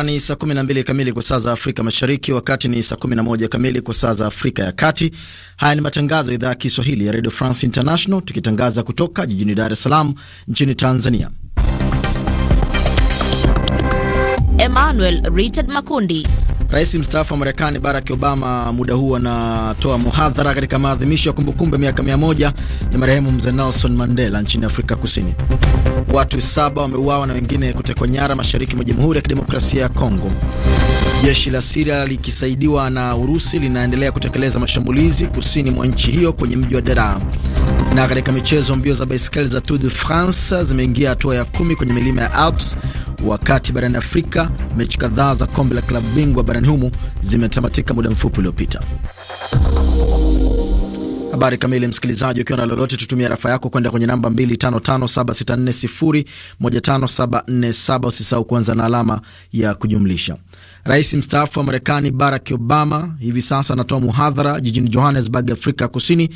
Mara ni saa 12 kamili kwa saa za Afrika Mashariki, wakati ni saa 11 kamili kwa saa za Afrika ya Kati. Haya ni matangazo ya idhaa ya Kiswahili ya Radio France International, tukitangaza kutoka jijini Dar es Salaam nchini Tanzania. Emmanuel Richard Makundi Rais mstaafu wa Marekani Barack Obama muda huu anatoa muhadhara katika maadhimisho ya kumbukumbu ya miaka mia moja ya marehemu mzee Nelson Mandela nchini Afrika Kusini. Watu saba wameuawa na wengine kutekwa nyara mashariki mwa Jamhuri ya Kidemokrasia ya Kongo. Jeshi la Siria likisaidiwa na Urusi linaendelea kutekeleza mashambulizi kusini mwa nchi hiyo kwenye mji wa Daraa. Na katika michezo, mbio za baiskeli za Tour de France zimeingia hatua ya kumi kwenye milima ya Alps Wakati barani Afrika, mechi kadhaa za kombe la klabu bingwa barani humo zimetamatika muda mfupi uliopita. Habari kamili, msikilizaji, ukiwa na lolote, tutumia rafa yako kwenda kwenye namba 255764015747. Usisahau kuanza na alama ya kujumlisha. Rais mstaafu wa Marekani Barack Obama hivi sasa anatoa muhadhara jijini Johannesburg, Afrika Kusini,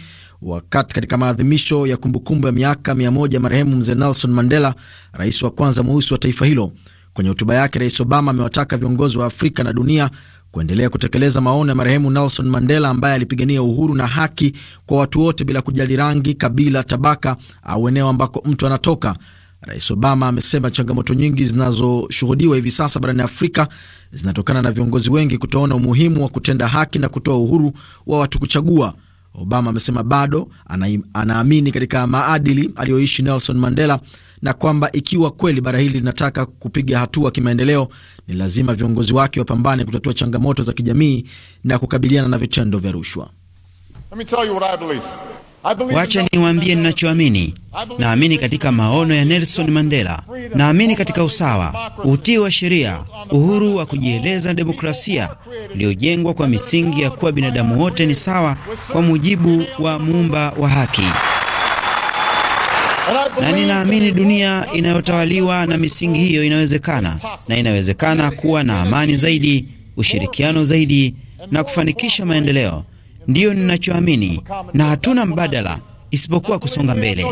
wakati katika maadhimisho ya kumbukumbu ya miaka mia moja marehemu mzee Nelson Mandela, rais wa kwanza mweusi wa taifa hilo. Kwenye hotuba yake, Rais Obama amewataka viongozi wa Afrika na dunia kuendelea kutekeleza maono ya marehemu Nelson Mandela ambaye alipigania uhuru na haki kwa watu wote bila kujali rangi, kabila, tabaka au eneo ambako mtu anatoka, Rais Obama amesema changamoto nyingi zinazoshuhudiwa hivi sasa barani Afrika zinatokana na viongozi wengi kutoona umuhimu wa kutenda haki na kutoa uhuru wa watu kuchagua. Obama amesema bado anaamini katika maadili aliyoishi Nelson Mandela na kwamba ikiwa kweli bara hili linataka kupiga hatua kimaendeleo, ni lazima viongozi wake wapambane kutatua changamoto za kijamii na kukabiliana na vitendo vya rushwa. Wacha niwaambie ninachoamini. Naamini katika maono ya Nelson Mandela, naamini katika usawa, utii wa sheria, uhuru wa kujieleza demokrasia iliyojengwa kwa misingi ya kuwa binadamu wote ni sawa kwa mujibu wa muumba wa haki na ninaamini dunia inayotawaliwa na misingi hiyo inawezekana, na inawezekana kuwa na amani zaidi, ushirikiano zaidi, na kufanikisha maendeleo ndiyo ninachoamini na hatuna mbadala isipokuwa kusonga mbele.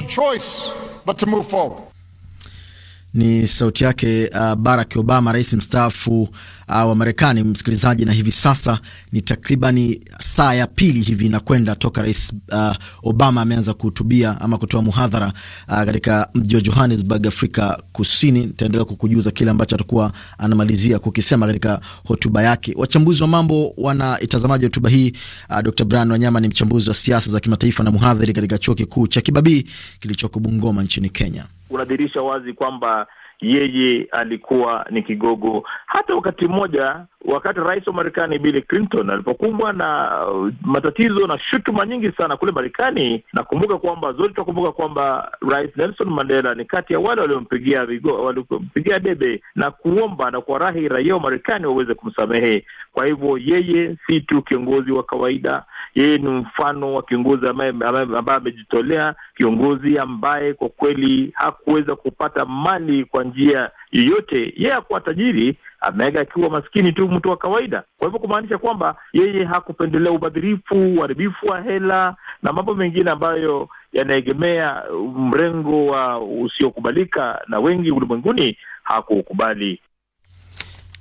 Ni sauti yake uh, Barack Obama, rais mstaafu uh, wa Marekani, msikilizaji. Na hivi sasa ni takribani saa ya pili hivi inakwenda toka rais uh, Obama ameanza kuhutubia ama kutoa muhadhara uh, katika mji wa Johannesburg, Afrika Kusini. Nitaendelea kukujuza kile ambacho atakuwa anamalizia kukisema katika hotuba yake. Wachambuzi wa mambo wana wanaitazamaji hotuba hii. Uh, Dr Brian Wanyama ni mchambuzi wa siasa za kimataifa na mhadhiri katika chuo kikuu cha Kibabii kilichoko Bungoma nchini Kenya unadhihirisha wazi kwamba yeye alikuwa ni kigogo. Hata wakati mmoja, wakati rais wa Marekani Bill Clinton alipokumbwa na uh, matatizo na shutuma nyingi sana kule Marekani, nakumbuka kwamba zote, tunakumbuka kwamba rais Nelson Mandela ni kati ya wale waliompigia waliompigia debe na kuomba na kuwarahi raia wa Marekani waweze kumsamehe. Kwa hivyo, yeye si tu kiongozi wa kawaida, yeye ni mfano wa kiongozi ambaye amejitolea, kiongozi ambaye kwa kweli hakuweza kupata mali kwa njia yoyote. Yeye hakuwa tajiri, amega akiwa maskini tu, mtu wa kawaida. Kwa hivyo kumaanisha kwamba yeye hakupendelea ubadhirifu, uharibifu wa hela na mambo mengine ambayo yanaegemea mrengo wa usiokubalika na wengi ulimwenguni, hakukubali.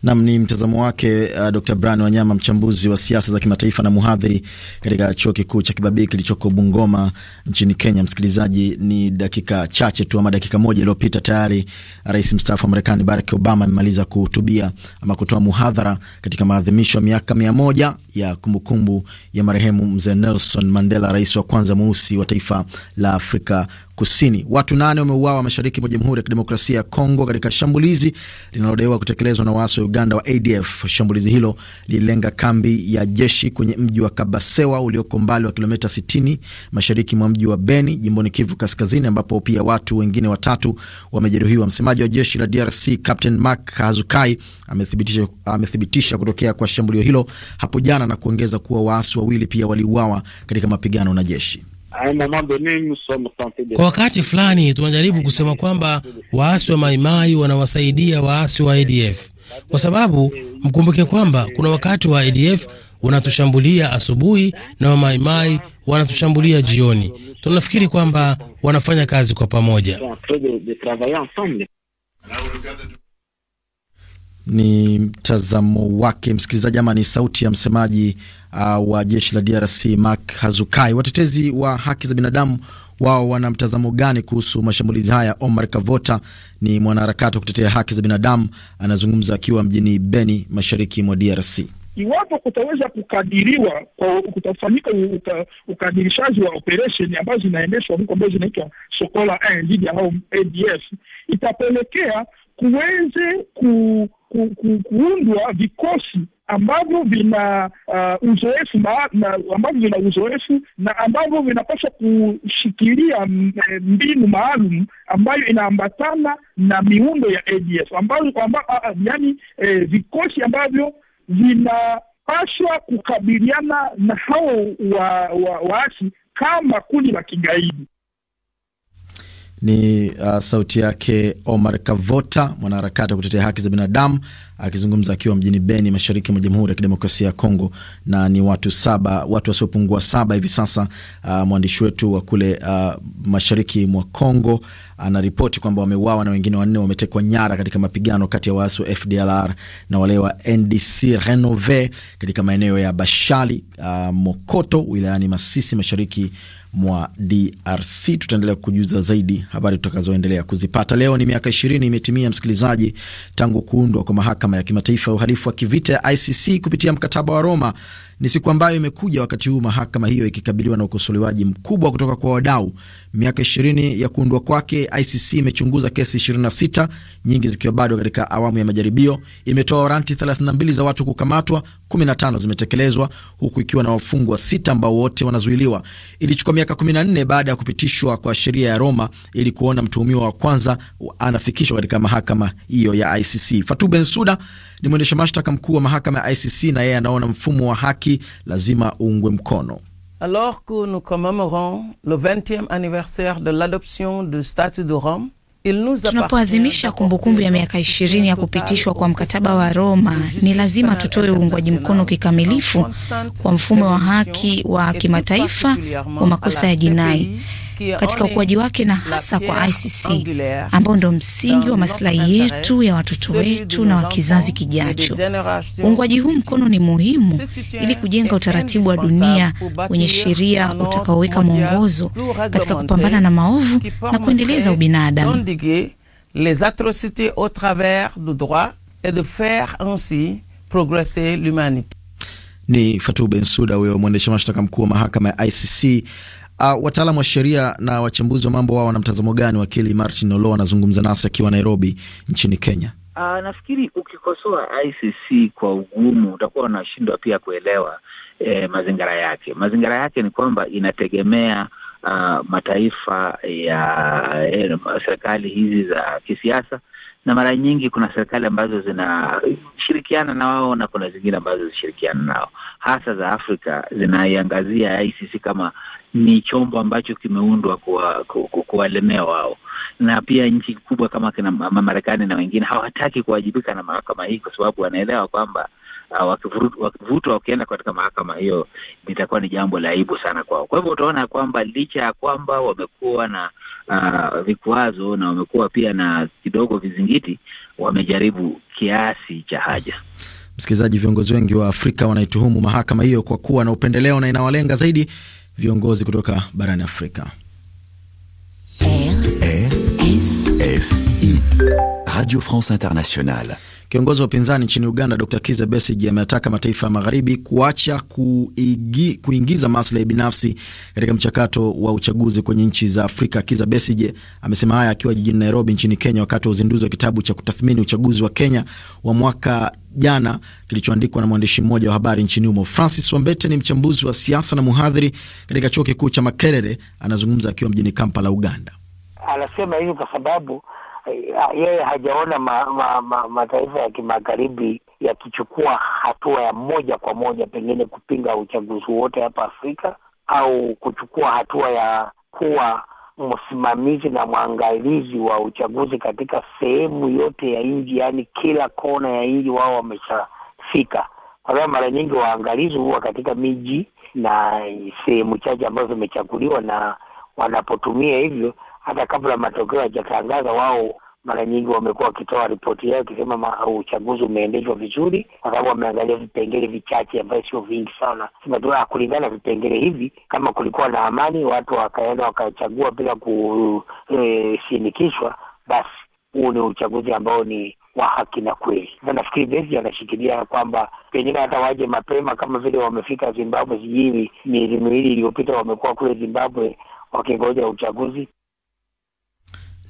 Nam ni mtazamo wake uh, Dr Bran Wanyama, mchambuzi wa siasa za kimataifa na mhadhiri katika chuo kikuu cha Kibabii kilichoko Bungoma nchini Kenya. Msikilizaji, ni dakika chache tu ama dakika moja iliyopita tayari rais mstaafu wa Marekani Barack Obama amemaliza kuhutubia ama kutoa muhadhara katika maadhimisho ya miaka mia moja ya kumbukumbu ya marehemu mzee Nelson Mandela, rais wa kwanza mweusi wa taifa la Afrika Kusini. Watu nane wameuawa mashariki mwa Jamhuri ya Kidemokrasia ya Kongo katika shambulizi linalodaiwa kutekelezwa na waasi wa Uganda wa ADF. Shambulizi hilo lililenga kambi ya jeshi kwenye mji wa Kabasewa ulioko mbali wa kilomita 60 mashariki mwa mji wa Beni, jimboni Kivu Kaskazini, ambapo pia watu wengine watatu wamejeruhiwa. Msemaji wa jeshi la DRC Captain Mark Hazukai amethibitisha, amethibitisha kutokea kwa shambulio hilo hapo jana sana na kuongeza kuwa waasi wawili pia waliuawa katika mapigano na jeshi. Kwa wakati fulani tunajaribu kusema kwamba waasi wa Maimai wanawasaidia waasi wa ADF kwa sababu mkumbuke kwamba kuna wakati wa ADF wanatushambulia asubuhi na Wamaimai wanatushambulia jioni. Tunafikiri kwamba wanafanya kazi kwa pamoja. Ni mtazamo wake msikilizaji, ama ni sauti ya msemaji uh, wa jeshi la DRC Mark Hazukai. Watetezi wa haki za binadamu wao wana mtazamo gani kuhusu mashambulizi haya? Omar Kavota ni mwanaharakati wa kutetea haki za binadamu, anazungumza akiwa mjini Beni, mashariki mwa DRC. Iwapo kutaweza kukadiriwa kwa kutafanyika uka, ukadirishaji wa operesheni ambazo zinaendeshwa huko ambazo zinaitwa Sokola dhidi ya hao ADF itapelekea kuweze ku, ku, ku, kuundwa vikosi ambavyo vina uh, uzoefu ambavyo vina uzoefu na ambavyo vinapaswa kushikilia mm, eh, mbinu maalum ambayo inaambatana na miundo ya ADF ambayo, amba, uh, yani eh, vikosi ambavyo vinapaswa kukabiliana na hao waasi wa, wa kama kundi la kigaidi. Ni uh, sauti yake Omar Kavota, mwanaharakati wa kutetea haki za binadamu akizungumza akiwa mjini Beni, mashariki mwa Jamhuri ya Kidemokrasia ya Kongo. Na ni watu saba, watu wasiopungua saba hivi sasa. Uh, mwandishi wetu wa kule uh, mashariki mwa Kongo anaripoti uh, kwamba wameuawa na wengine wanne wametekwa nyara katika mapigano kati ya waasi wa FDLR na wale wa NDC Renove katika maeneo ya Bashali, uh, Mokoto wilayani Masisi, mashariki mwa DRC. Tutaendelea kujuza zaidi habari tutakazoendelea kuzipata. Leo ni miaka ishirini imetimia, msikilizaji, tangu kuundwa kwa mahakama ya kimataifa ya uhalifu wa kivita ya ICC kupitia mkataba wa Roma ni siku ambayo imekuja wakati huu mahakama hiyo ikikabiliwa na ukosolewaji mkubwa kutoka kwa wadau. Miaka 20 ya kuundwa kwake, ICC imechunguza kesi 26, nyingi zikiwa bado katika awamu ya majaribio. Imetoa waranti 32 za watu kukamatwa, 15 zimetekelezwa, huku ikiwa na wafungwa sita ambao wote wanazuiliwa. Ilichukua miaka 14 baada ya kupitishwa kwa sheria ya Roma ili kuona mtuhumiwa wa kwanza anafikishwa katika mahakama hiyo ya ICC. Fatou Bensouda ni mwendesha mashtaka mkuu wa mahakama ya ICC na yeye anaona mfumo wa haki lazima uungwe mkono. Alors que nous commemorons le 20e anniversaire de l'adoption du statut de Rome Tunapoadhimisha kumbukumbu ya miaka ishirini ya kupitishwa kwa mkataba wa Roma, ni lazima tutoe uungwaji mkono kikamilifu kwa mfumo wa haki wa kimataifa wa makosa ya jinai katika ukuaji wake na hasa kwa ICC ambao ndio msingi wa maslahi yetu ya watoto wetu na wa kizazi kijacho. Uungwaji huu mkono ni muhimu ili kujenga utaratibu wa dunia wenye sheria utakaoweka mwongozo katika kupambana na maovu na kuendeleza ubinadamu. Les atrocités au travers du droit et de faire ainsi progresser l'humanité. Ni Fatou Bensouda, huyo mwendesha mashtaka mkuu wa mahakama ya ICC Uh, wataalamu wa sheria na wachambuzi wa mambo wao wana mtazamo gani? Wakili Martin Olo anazungumza nasi akiwa Nairobi nchini Kenya. Uh, nafikiri ukikosoa ICC kwa ugumu utakuwa unashindwa pia kuelewa eh, mazingira yake. Mazingira yake ni kwamba inategemea uh, mataifa ya eh, serikali hizi za kisiasa na mara nyingi kuna serikali ambazo zinashirikiana na wao na kuna zingine ambazo zishirikiana nao, hasa za Afrika zinaiangazia ICC kama ni chombo ambacho kimeundwa kuwalemea wao, na pia nchi kubwa kama kina Marekani na wengine hawataki kuwajibika na mahakama hii kwa sababu wanaelewa kwamba ah, wakivutwa wakienda katika mahakama hiyo litakuwa ni jambo la aibu sana kwao. Kwa hivyo utaona kwamba licha ya kwamba wamekuwa na uh, vikwazo na wamekuwa pia na kidogo vizingiti, wamejaribu kiasi cha haja. Msikilizaji, viongozi wengi wa Afrika wanaituhumu mahakama hiyo kwa kuwa na upendeleo na inawalenga zaidi viongozi kutoka barani Afrika. RFI Radio France Internationale. Kiongozi wa upinzani nchini Uganda Dr Kiza Besige ameataka mataifa ya magharibi kuacha kuigi, kuingiza maslahi binafsi katika mchakato wa uchaguzi kwenye nchi za Afrika. Kiza Besige amesema haya akiwa jijini Nairobi nchini Kenya wakati wa uzinduzi wa kitabu cha kutathmini uchaguzi wa Kenya wa mwaka jana kilichoandikwa na mwandishi mmoja wa habari nchini humo. Francis Wambete ni mchambuzi wa siasa na mhadhiri katika chuo kikuu cha Makerere. Anazungumza akiwa mjini Kampala, Uganda. Anasema hivyo kwa sababu Ah, yeye hajaona mataifa ma, ma, mataifa ya kimagharibi yakichukua hatua ya moja kwa moja, pengine kupinga uchaguzi wote hapa Afrika au kuchukua hatua ya kuwa msimamizi na mwangalizi wa uchaguzi katika sehemu yote ya nchi, yaani kila kona ya nchi wao wameshafika. Kwa sababu mara nyingi waangalizi huwa katika miji na sehemu chache ambazo zimechaguliwa, na wanapotumia hivyo hata kabla matokeo hayajatangaza, wao mara nyingi wamekuwa wakitoa ripoti yao ikisema uh, uchaguzi umeendeshwa vizuri, kwa sababu wameangalia vipengele vichache ambavyo sio vingi sana. Sema ah, kulingana vipengele hivi, kama kulikuwa na amani, watu wakaenda wakachagua bila kushinikishwa, e, basi huu ni uchaguzi ambao ni wa haki na kweli. Sasa nafikiri Besi anashikilia kwamba pengine hata waje mapema kama vile wamefika Zimbabwe, sijui miezi miwili iliyopita wamekuwa kule Zimbabwe wakingoja uchaguzi.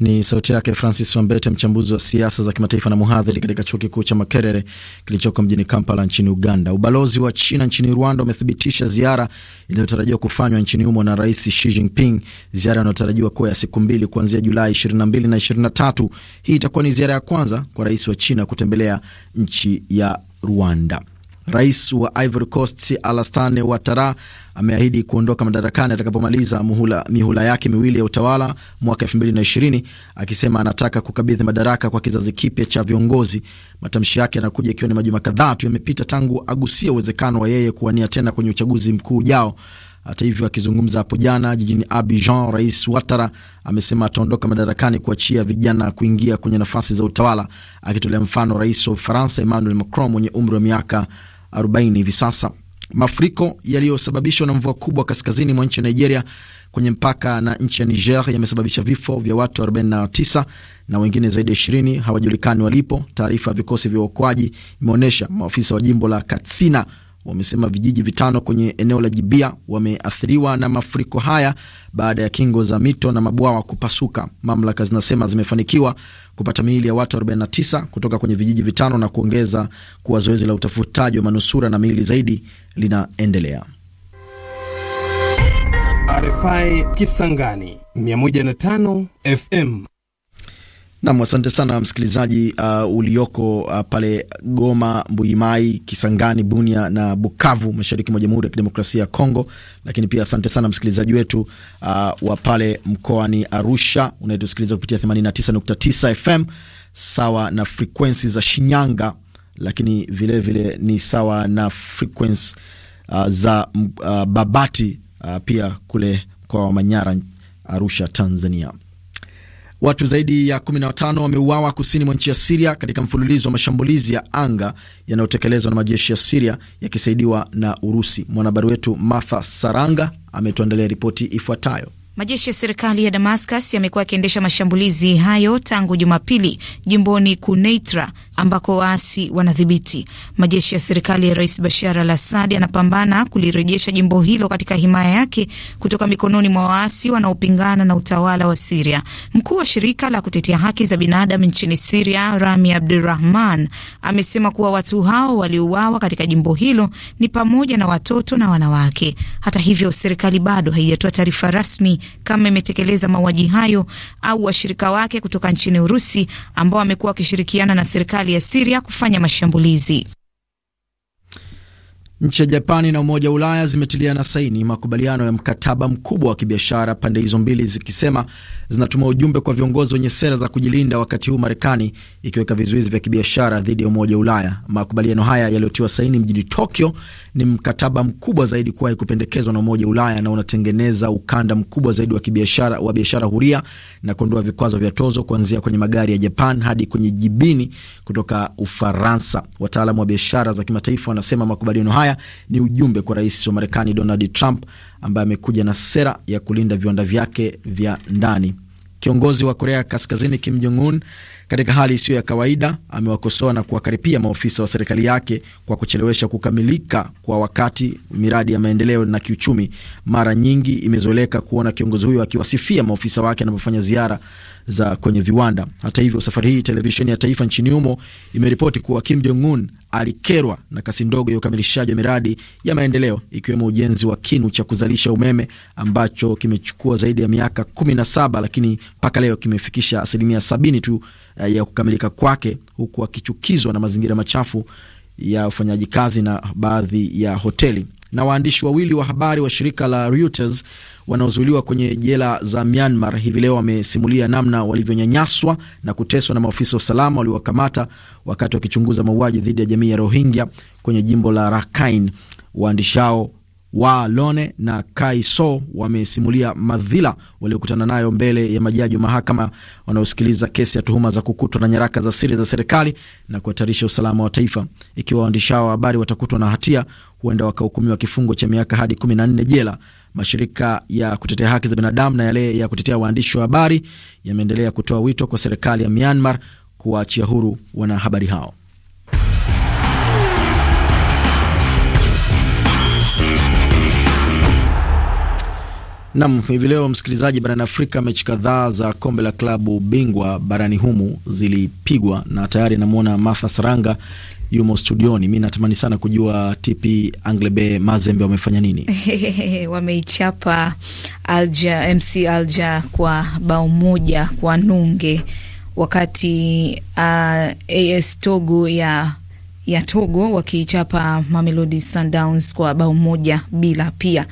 Ni sauti yake Francis Wambete, mchambuzi wa siasa za kimataifa na mhadhiri katika chuo kikuu cha Makerere kilichoko mjini Kampala nchini Uganda. Ubalozi wa China nchini Rwanda umethibitisha ziara iliyotarajiwa kufanywa nchini humo na Rais Xi Jinping, ziara inayotarajiwa kuwa ya siku mbili kuanzia Julai 22 na 23. Hii itakuwa ni ziara ya kwanza kwa rais wa China kutembelea nchi ya Rwanda. Rais wa Ivory Coast Alassane Ouattara ameahidi kuondoka madarakani atakapomaliza mihula yake miwili ya utawala mwaka 2020 akisema anataka kukabidhi madaraka kwa kizazi kipya cha viongozi. Matamshi yake yanakuja ikiwa ni majuma kadhaa tu yamepita tangu agusia uwezekano wa yeye kuwania tena kwenye uchaguzi mkuu ujao. Hata hivyo, akizungumza hapo jana jijini Abidjan, Rais Ouattara amesema ataondoka madarakani kuachia vijana kuingia kwenye nafasi za utawala, akitolea mfano rais wa Ufaransa Emmanuel Macron mwenye umri wa miaka 40 hivi sasa. Mafuriko yaliyosababishwa na mvua kubwa kaskazini mwa nchi ya Nigeria kwenye mpaka na nchi ya Niger yamesababisha vifo vya watu 49 na wengine zaidi ya 20 hawajulikani walipo. Taarifa ya vikosi vya uokoaji imeonyesha. Maafisa wa jimbo la Katsina wamesema vijiji vitano kwenye eneo la Jibia wameathiriwa na mafuriko haya baada ya kingo za mito na mabwawa kupasuka. Mamlaka zinasema zimefanikiwa kupata miili ya watu 49 kutoka kwenye vijiji vitano na kuongeza kuwa zoezi la utafutaji wa manusura na miili zaidi linaendelea. RFI Kisangani 105 FM. Nam, asante sana msikilizaji uh, ulioko uh, pale Goma, Mbuimai, Kisangani, Bunia na Bukavu, mashariki mwa Jamhuri ya Kidemokrasia ya Kongo. Lakini pia asante sana msikilizaji wetu uh, wa pale mkoani Arusha unayetusikiliza kupitia 89.9 FM sawa na frekwensi za Shinyanga, lakini vilevile vile ni sawa na frekwensi uh, za uh, Babati uh, pia kule mkoa wa Manyara, Arusha, Tanzania. Watu zaidi ya 15 wameuawa kusini mwa nchi ya Siria katika mfululizo wa mashambulizi ya anga yanayotekelezwa na majeshi ya Siria yakisaidiwa na Urusi. Mwanahabari wetu Martha Saranga ametuandalia ripoti ifuatayo. Majeshi ya serikali ya Damascus yamekuwa yakiendesha mashambulizi hayo tangu Jumapili jimboni Kuneitra ambako waasi wanadhibiti. Majeshi ya serikali ya Rais Bashar al Assad yanapambana kulirejesha jimbo hilo katika himaya yake kutoka mikononi mwa waasi wanaopingana na utawala wa Siria. Mkuu wa shirika la kutetea haki za binadamu nchini Siria, Rami Abdurahman, amesema kuwa watu hao waliouawa katika jimbo hilo ni pamoja na watoto na wanawake. Hata hivyo, serikali bado haijatoa taarifa rasmi kama imetekeleza mauaji hayo au washirika wake kutoka nchini Urusi ambao wamekuwa wakishirikiana na serikali ya Siria kufanya mashambulizi. Nchi ya Japani na Umoja wa Ulaya zimetiliana saini makubaliano ya mkataba mkubwa wa kibiashara, pande hizo mbili zikisema zinatuma ujumbe kwa viongozi wenye sera za kujilinda, wakati huu Marekani ikiweka vizuizi vya kibiashara dhidi ya Umoja wa Ulaya. Makubaliano haya yaliyotiwa saini mjini Tokyo ni mkataba mkubwa zaidi kuwahi kupendekezwa na Umoja wa Ulaya na unatengeneza ukanda mkubwa zaidi wa kibiashara wa biashara huria na kuondoa vikwazo vya tozo kuanzia kwenye magari ya Japan hadi kwenye jibini kutoka Ufaransa. Wataalamu wa biashara za kimataifa wanasema makubaliano haya Ulaya ni ujumbe kwa rais wa Marekani Donald Trump ambaye amekuja na sera ya kulinda viwanda vyake vya ndani. Kiongozi wa Korea Kaskazini Kim Jong Un katika hali isiyo ya kawaida. Amewakosoa na kuwakaripia maofisa wa serikali yake kwa kuchelewesha kukamilika kwa wakati miradi ya maendeleo na kiuchumi. Mara nyingi imezoeleka kuona kiongozi huyo akiwasifia maofisa wake anapofanya ziara za kwenye viwanda. Hata hivyo, safari hii televisheni ya taifa nchini humo imeripoti kuwa Kim Jong Un alikerwa na kasi ndogo ya ukamilishaji wa miradi ya maendeleo ikiwemo ujenzi wa kinu cha kuzalisha umeme ambacho kimechukua zaidi ya miaka 17 lakini mpaka leo kimefikisha asilimia sabini tu Eh, ya kukamilika kwake, huku akichukizwa na mazingira machafu ya ufanyaji kazi na baadhi ya hoteli. Na waandishi wawili wa habari wa shirika la Reuters wanaozuiliwa kwenye jela za Myanmar hivi leo wamesimulia namna walivyonyanyaswa na kuteswa na maafisa wa usalama waliowakamata wakati wakichunguza mauaji dhidi ya jamii ya Rohingya kwenye jimbo la Rakhine. Waandishi hao wa Lone na Kaiso wamesimulia madhila waliokutana nayo mbele ya majaji wa mahakama wanaosikiliza kesi ya tuhuma za kukutwa na nyaraka za siri za serikali na kuhatarisha usalama wa taifa. Ikiwa waandishi hao wa habari watakutwa na hatia, huenda wakahukumiwa kifungo cha miaka hadi 14 jela. Mashirika ya kutetea haki za binadamu na yale ya kutetea waandishi wa habari yameendelea kutoa wito kwa serikali ya Myanmar kuwaachia huru wanahabari hao. Nam, hivi leo msikilizaji, barani Afrika, mechi kadhaa za kombe la klabu bingwa barani humu zilipigwa na tayari namwona Martha Saranga yumo studioni. Mi natamani sana kujua TP Anglebe Mazembe wamefanya nini? Wameichapa Alja, MC Alja kwa bao moja kwa nunge, wakati uh, AS Togo ya ya Togo wakiichapa Mamelodi Sundowns kwa bao moja bila pia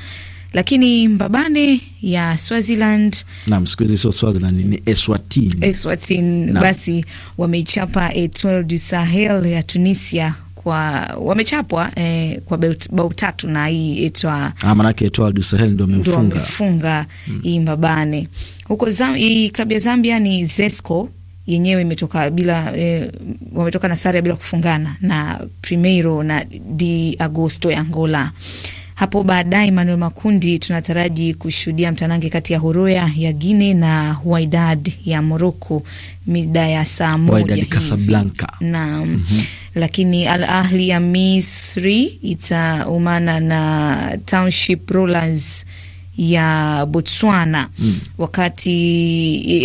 lakini Mbabane ya Swaziland nam, siku hizi sio Swaziland ni Eswatini, Eswatini basi wameichapa Etoile du Sahel ya Tunisia kwa wamechapwa eh, kwa bao tatu na hii itwa ah, maanake du Sahel ndo amefunga hmm. hii hmm. Mbabane huko zam, klabu ya Zambia ni Zesco yenyewe imetoka bila eh, wametoka na sare bila kufungana na Primeiro na Di Agosto ya Angola. Hapo baadaye, manuel Makundi, tunataraji kushuhudia mtanange kati ya Horoya ya Guine na waidad ya Moroko mida ya saa moja mhm. Lakini Al Ahli ya Misri itaumana na Township Rollers ya Botswana mm. Wakati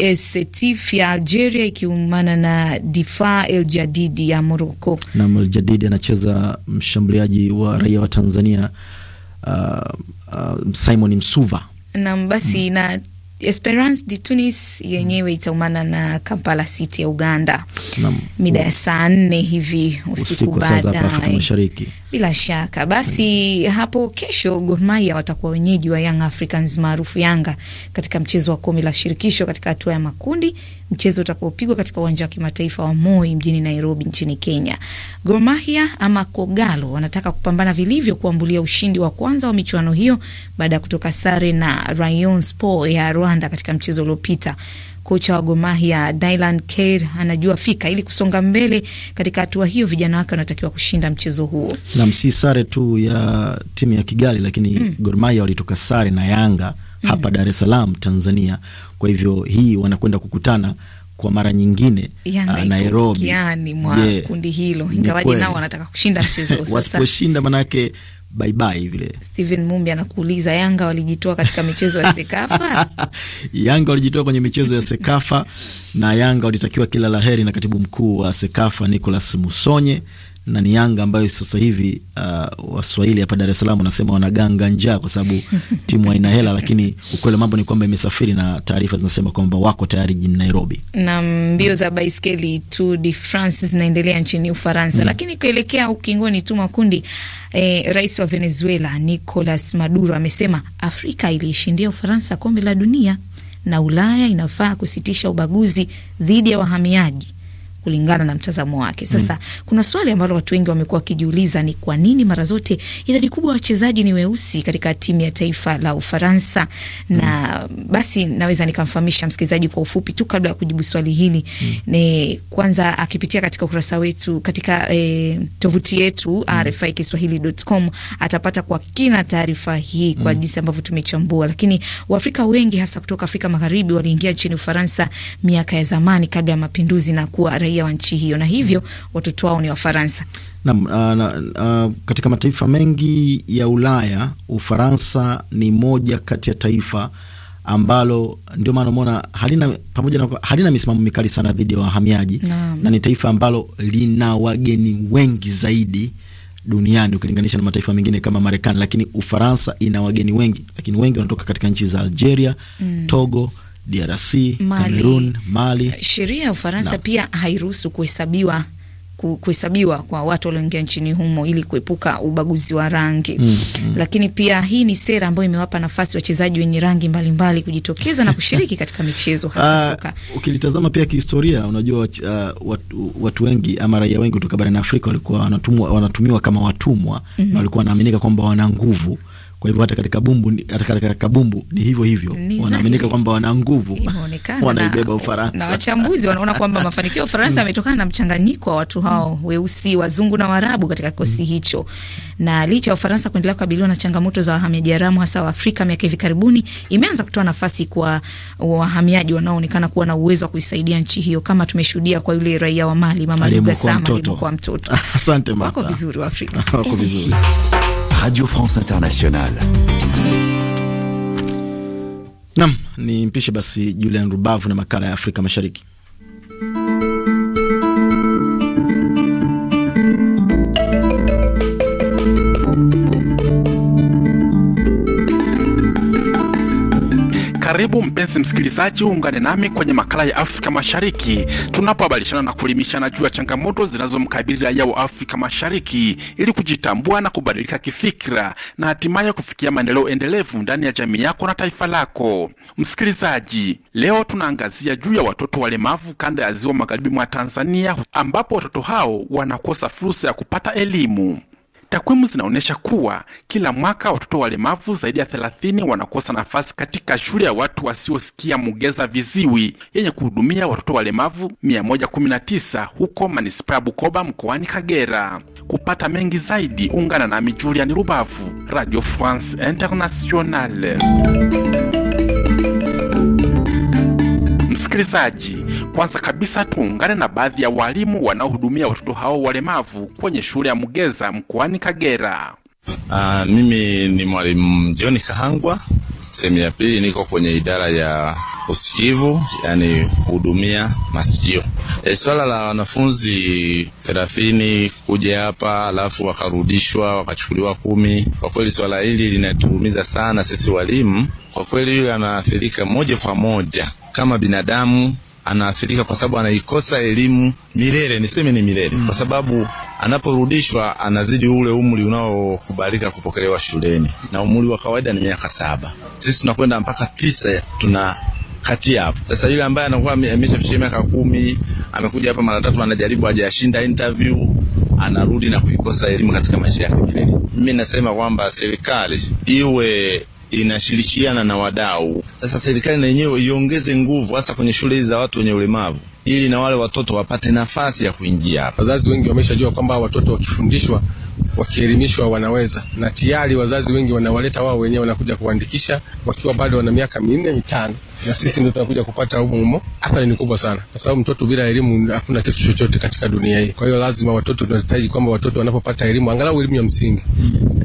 AS e Setif ya Algeria ikiumana na Difa El Jadidi ya Morocco. Na El Jadidi anacheza mshambuliaji wa raia wa Tanzania Simon Msuva nam basi hmm. na Esperance de Tunis yenyewe itaumana na Kampala City ya Uganda mida ya saa nne hivi usiku baadaye, bila shaka basi hapo kesho Gor Mahia watakuwa wenyeji wa Young Africans maarufu Yanga katika mchezo wa kombe la shirikisho katika hatua ya makundi mchezo utakaopigwa katika uwanja wa kimataifa wa Moi mjini Nairobi nchini Kenya. Gor Mahia ama Kogalo wanataka kupambana vilivyo kuambulia ushindi wa kwanza wa michuano hiyo baada ya kutoka sare na Rayon Sport ya Rwanda katika mchezo uliopita. Kocha wa Gor Mahia Dylan Kerr anajua fika ili kusonga mbele katika hatua hiyo, vijana wake wanatakiwa kushinda mchezo huo. Nam, si sare tu ya timu ya Kigali, lakini mm. Gor Mahia walitoka sare na Yanga mm. hapa mm. Dar es Salaam Tanzania. Kwa hivyo hii wanakwenda kukutana kwa mara nyingine uh, Nairobi yani mwa yeah, kundi hilo ingawaje nao wanataka kushinda mchezo sasa. Wasiposhinda manake bye bye vile. Steven Mumbi anakuuliza Yanga walijitoa katika michezo ya Sekafa? Yanga walijitoa kwenye michezo ya Sekafa na Yanga walitakiwa kila laheri na katibu mkuu wa Sekafa Nicholas Musonye na ni Yanga ambayo sasa hivi uh, Waswahili hapa Dar es Salaam wanasema wanaganga njaa kwa sababu timu haina hela, lakini ukweli mambo ni kwamba imesafiri na taarifa zinasema kwamba wako tayari jijini Nairobi. Na mbio za baiskeli Tour de France zinaendelea nchini Ufaransa mm. Lakini kuelekea ukingoni tu makundi eh, rais wa Venezuela Nicolas Maduro amesema Afrika iliishindia Ufaransa kombe la dunia na Ulaya inafaa kusitisha ubaguzi dhidi ya wahamiaji kulingana na mtazamo wake. Hmm. Sasa mm. kuna swali ambalo watu wengi wamekuwa wakijiuliza ni kwa nini mara zote idadi kubwa ya wachezaji ni weusi katika timu ya taifa la Ufaransa mm. na basi naweza nikamfahamisha msikilizaji kwa ufupi tu kabla ya kujibu swali hili mm. ni kwanza akipitia katika ukurasa wetu katika eh, tovuti yetu mm. RFI Kiswahili.com atapata kwa kina taarifa hii kwa mm. jinsi ambavyo tumechambua, lakini Waafrika wengi hasa kutoka Afrika Magharibi waliingia nchini Ufaransa miaka ya zamani kabla ya mapinduzi na kuwa raia raia wa nchi hiyo, na hivyo watoto wao ni Wafaransa. Naam, ah, na, uh, katika mataifa mengi ya Ulaya Ufaransa ni moja kati ya taifa ambalo ndio maana umeona halina pamoja na halina misimamo mikali sana dhidi ya wahamiaji na, na ni taifa ambalo lina wageni wengi zaidi duniani ukilinganisha na mataifa mengine kama Marekani, lakini Ufaransa ina wageni wengi, lakini wengi wanatoka katika nchi za Algeria mm, Togo DRC, Cameroon, Mali. Eh, sheria ya Ufaransa pia hairuhusu kuhesabiwa kuhesabiwa kwa watu walioingia nchini humo ili kuepuka ubaguzi wa rangi mm, mm. Lakini pia hii ni sera ambayo imewapa nafasi wachezaji wenye rangi mbalimbali mbali kujitokeza na kushiriki katika michezo hasa ah, soka. Uh, ukilitazama pia kihistoria, unajua uh, watu, watu wengi ama raia wengi kutoka barani Afrika walikuwa wanatumwa, wanatumiwa kama watumwa mm. Mm-hmm. na walikuwa wanaaminika kwamba wana nguvu kwa hivyo hata katika bumbu, hata katika kabumbu ni hivyo hivyo, wanaaminika kwamba wana nguvu, wanaibeba Ufaransa na wachambuzi wanaona kwamba mafanikio ya Ufaransa mm. yametokana na mchanganyiko wa watu hao weusi, wazungu na Waarabu katika kikosi mm. hicho. Na licha ya Ufaransa kuendelea kukabiliwa na changamoto za wahamiaji haramu, hasa wa Afrika, miaka hivi karibuni imeanza kutoa nafasi kwa wahamiaji wanaoonekana kuwa na uwezo wa kuisaidia nchi hiyo, kama tumeshuhudia kwa yule raia wa Mali, mama Luga Sama, aliyekuwa mtoto. Asante mama, wako vizuri wa Afrika, wako vizuri Radio France Internationale. Nam ni mpishe basi Julian Rubavu na makala ya Afrika Mashariki. Karibu mpenzi msikilizaji, uungane nami kwenye makala ya Afrika Mashariki tunapohabarishana na kuelimishana juu ya changamoto zinazomkabili raia wa Afrika Mashariki ili kujitambua na kubadilika kifikira na hatimaye kufikia maendeleo endelevu ndani ya jamii yako na taifa lako. Msikilizaji, leo tunaangazia juu ya watoto walemavu kanda ya Ziwa Magharibi mwa Tanzania, ambapo watoto hao wanakosa fursa ya kupata elimu. Takwimu zinaonyesha kuwa kila mwaka watoto walemavu zaidi ya 30 wanakosa nafasi katika shule ya watu wasiosikia Mugeza Viziwi yenye kuhudumia watoto walemavu 119 huko manispaa ya Bukoba mkoani Kagera. Kupata mengi zaidi, ungana nami Julian Rubavu, Radio France Internationale. Msikilizaji, kwanza kabisa tuungane na baadhi ya walimu wanaohudumia watoto hao walemavu kwenye shule ya Mugeza mkoani Kagera. Uh, mimi ni mwalimu John Kahangwa. Sehemu ya pili niko kwenye idara ya usikivu, yani kuhudumia masikio. E, swala la wanafunzi thelathini kuja hapa alafu wakarudishwa wakachukuliwa kumi, kwa kweli swala hili linatuumiza sana sisi walimu. Kwa kweli yule anaathirika moja kwa moja kama binadamu anaathirika kwa sababu anaikosa elimu milele, niseme ni milele, kwa sababu anaporudishwa anazidi ule umri unaokubalika kupokelewa shuleni, na umri wa kawaida ni miaka saba. Sisi tunakwenda mpaka tisa, tuna kati hapo. Sasa yule ambaye anakuwa ameshafikia miaka kumi, amekuja hapa mara tatu, anajaribu hajashinda interview, anarudi na kuikosa elimu katika maisha yake milele. Mimi nasema kwamba serikali iwe inashirikiana na wadau. Sasa serikali na yenyewe iongeze nguvu hasa kwenye shule hizi za watu wenye ulemavu ili na wale watoto wapate nafasi ya kuingia hapa. Wazazi wengi wameshajua kwamba watoto wakifundishwa wakielimishwa wanaweza, na tayari wazazi wengi wanawaleta wao wenyewe, wanakuja kuandikisha wakiwa bado wana miaka minne mitano, na sisi ndio tunakuja kupata humo. Athari ni kubwa sana, kwa sababu mtoto bila elimu hakuna kitu chochote katika dunia hii. Kwa hiyo lazima watoto, tunahitaji kwamba watoto wanapopata elimu, angalau elimu ya msingi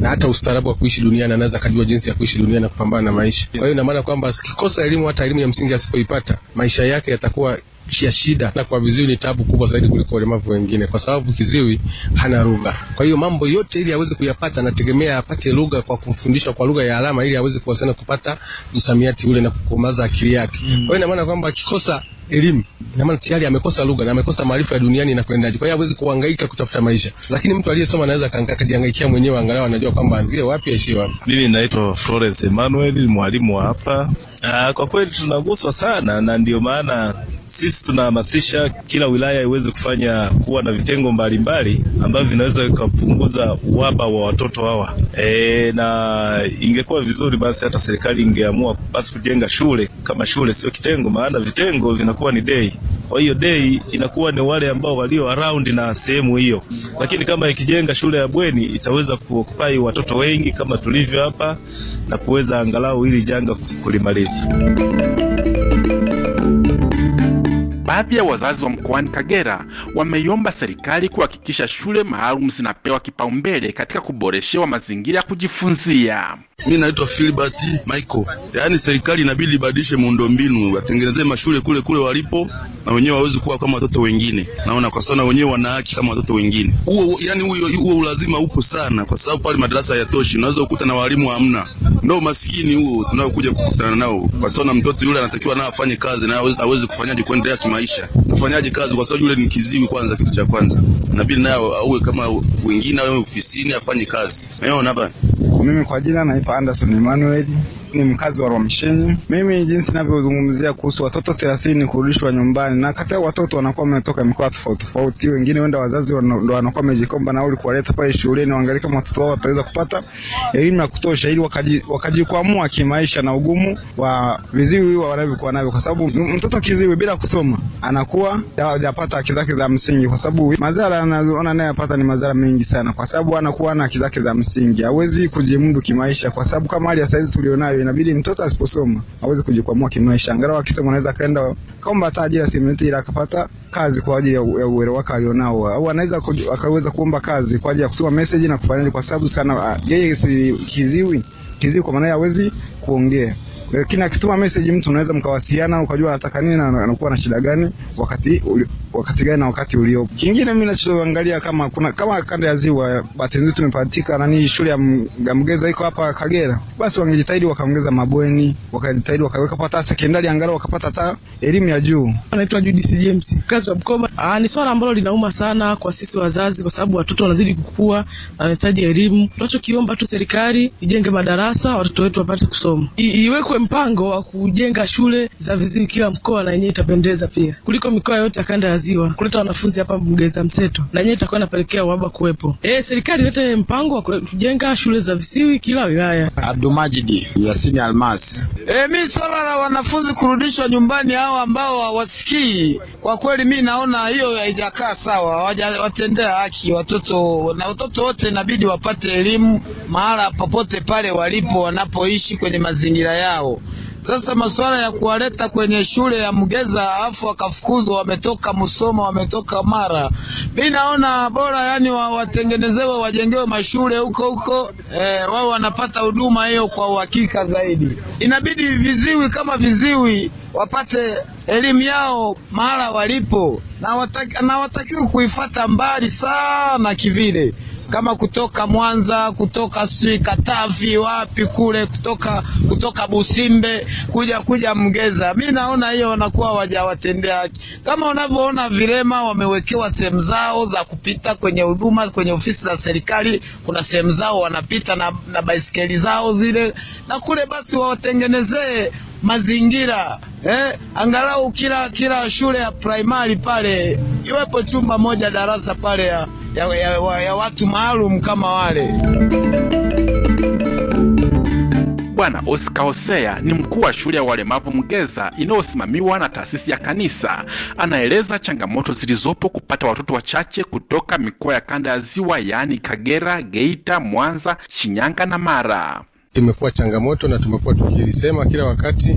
na hata ustaarabu wa kuishi duniani, anaweza akajua jinsi ya kuishi duniani na kupambana na maisha. Kwa hiyo ina maana kwamba sikikosa elimu, hata elimu ya msingi asipoipata, maisha yake yatakuwa ya shida, na kwa viziwi ni tabu kubwa zaidi kuliko walemavu wengine, kwa sababu kiziwi hana lugha. Kwa hiyo mambo yote ili aweze kuyapata, anategemea apate lugha kwa kumfundisha kwa lugha ya alama, ili aweze kuwasiliana kupata msamiati ule na kukomaza akili yake. Mm. Kwa hiyo ina maana kwamba akikosa elimu na maana tayari amekosa lugha na amekosa maarifa ya duniani na kwendaje. Kwa hiyo hawezi kuhangaika kutafuta maisha, lakini mtu aliyesoma anaweza kajihangaikia mwenyewe, angalau anajua kwamba anzie wapi aishie wapi. Mimi naitwa Florence Emmanuel, mwalimu wa hapa Uh, kwa kweli tunaguswa sana na ndio maana sisi tunahamasisha kila wilaya iweze kufanya kuwa na vitengo mbalimbali ambavyo vinaweza vikapunguza uhaba wa watoto hawa e, na ingekuwa vizuri basi hata serikali ingeamua basi kujenga shule kama shule, sio kitengo, maana vitengo vinakuwa ni dei. Kwa hiyo dei inakuwa ni wale ambao walio around na sehemu hiyo, lakini kama ikijenga shule ya bweni itaweza kuokupai watoto wengi kama tulivyo hapa na kuweza angalau ili janga kulimaliza kabisa. Baadhi ya wazazi wa mkoani Kagera wameiomba serikali kuhakikisha shule maalum zinapewa kipaumbele katika kuboreshewa mazingira ya kujifunzia. Mi naitwa Filbert Michael. Yaani serikali inabidi ibadilishe muundombinu, watengenezee mashule kule kule walipo na wenyewe waweze kuwa kama watoto wengine. Naona kwa sana wenyewe wana haki kama watoto wengine. Huo yani huo ulazima upo sana kwa sababu pale madarasa hayatoshi. Unaweza kukuta na walimu hamna ndo umaskini huo tunaokuja kukutana nao, kwa sababu na mtoto yule anatakiwa na afanye kazi na aweze kufanyaje kuendelea kimaisha, afanyaje kazi, kwa sababu yule ni kiziwi kwanza, kitu cha kwanza inabidi nayo auwe kama wengine, awe ofisini afanye kazi. Umeona bana. Mimi kwa jina naitwa Anderson Emmanuel ni mkazi wa Rwamshenye. Mimi jinsi ninavyozungumzia kuhusu watoto 30 kurudishwa nyumbani, na kati ya watoto wanakuwa wametoka mikoa tofauti tofauti, wengine wenda wazazi ndo wanakuwa wamejikomba nauli kuwaleta pale shuleni, waangalie kama watoto wao wataweza kupata elimu ya kutosha, ili wakajikwamua wakaji kimaisha na ugumu wa viziwi wanavyokuwa navyo, kwa sababu mtoto kiziwi bila kusoma anakuwa hajapata haki zake za msingi, kwa sababu madhara anazoona naye apata ni madhara mengi sana, kwa sababu anakuwa na haki zake za msingi, hawezi kujimudu kimaisha, kwa sababu kama hali ya saizi tulionayo inabidi mtoto asiposoma aweze kujikwamua kimaisha, angalau akisoma anaweza akaenda kaomba hata ajira simenti, ila akapata kazi kwa ajili ya uelewa wake alionao, au anaweza akaweza kuomba kazi kwa ajili ya kutuma message na kufanya, kwa sababu sana ah, yeye si kiziwi, kiziwi kwa maana hawezi kuongea kina kituma message mtu unaweza mkawasiliana ukajua anataka nini na anakuwa na shida gani wakati uli, wakati gani na wakati uliopo. Kingine mimi nachoangalia kama kuna kama kanda ya ziwa bahati nzuri tumepatika nani shule ya Gamgeza iko hapa Kagera, basi wangejitahidi wakaongeza mabweni, wakajitahidi wakaweka pata sekondari angalau wakapata hata elimu ya juu. Anaitwa Judith James, kazi wa Bukoma. Ah, ni swala ambalo linauma sana kwa sisi wazazi, kwa sababu watoto wanazidi kukua, wanahitaji elimu. Tunachokiomba tu serikali ijenge madarasa, watoto wetu wapate kusoma, iwekwe mpango wa kujenga shule za viziwi kila mkoa, na yenyewe itapendeza pia kuliko mikoa yote ya kanda ya ziwa kuleta wanafunzi hapa Mgeza Mseto, na yenyewe itakuwa inapelekea uhaba kuwepo. E, serikali ilete mpango wa kujenga shule za visiwi kila wilaya. Abdumajidi Yasini Almas. E, mi swala la wanafunzi kurudishwa nyumbani hao ambao hawasikii, kwa kweli mi naona hiyo haijakaa sawa, hawajawatendea haki watoto, na watoto wote inabidi wapate elimu mahala popote pale walipo wanapoishi kwenye mazingira yao yao. Sasa masuala ya kuwaleta kwenye shule ya Mgeza afu wakafukuzwa wametoka Musoma, wametoka Mara, mi naona bora yani watengenezewe, wajengewe mashule huko huko, eh, wao wanapata huduma hiyo kwa uhakika zaidi. Inabidi viziwi kama viziwi wapate elimu yao mahala walipo, na wataki, na watakiwa kuifata mbali sana kivile, kama kutoka Mwanza, kutoka sui Katavi, wapi kule, kutoka kutoka Busimbe kuja kuja Mgeza. Mi naona hiyo wanakuwa wajawatendea haki, kama unavyoona vilema wamewekewa sehemu zao za kupita kwenye huduma, kwenye ofisi za serikali kuna sehemu zao wanapita na, na baisikeli zao zile, na kule basi wawatengenezee mazingira eh? Angalau kila kila shule ya primary pale iwepo chumba moja darasa pale ya, ya, ya, ya watu maalum kama wale. Bwana Oscar Hosea ni mkuu wa shule ya walemavu Mgeza inayosimamiwa na taasisi ya kanisa. Anaeleza changamoto zilizopo kupata watoto wachache kutoka mikoa ya kanda ya Ziwa, yaani Kagera, Geita, Mwanza, Shinyanga na Mara imekuwa changamoto na tumekuwa tukilisema kila wakati,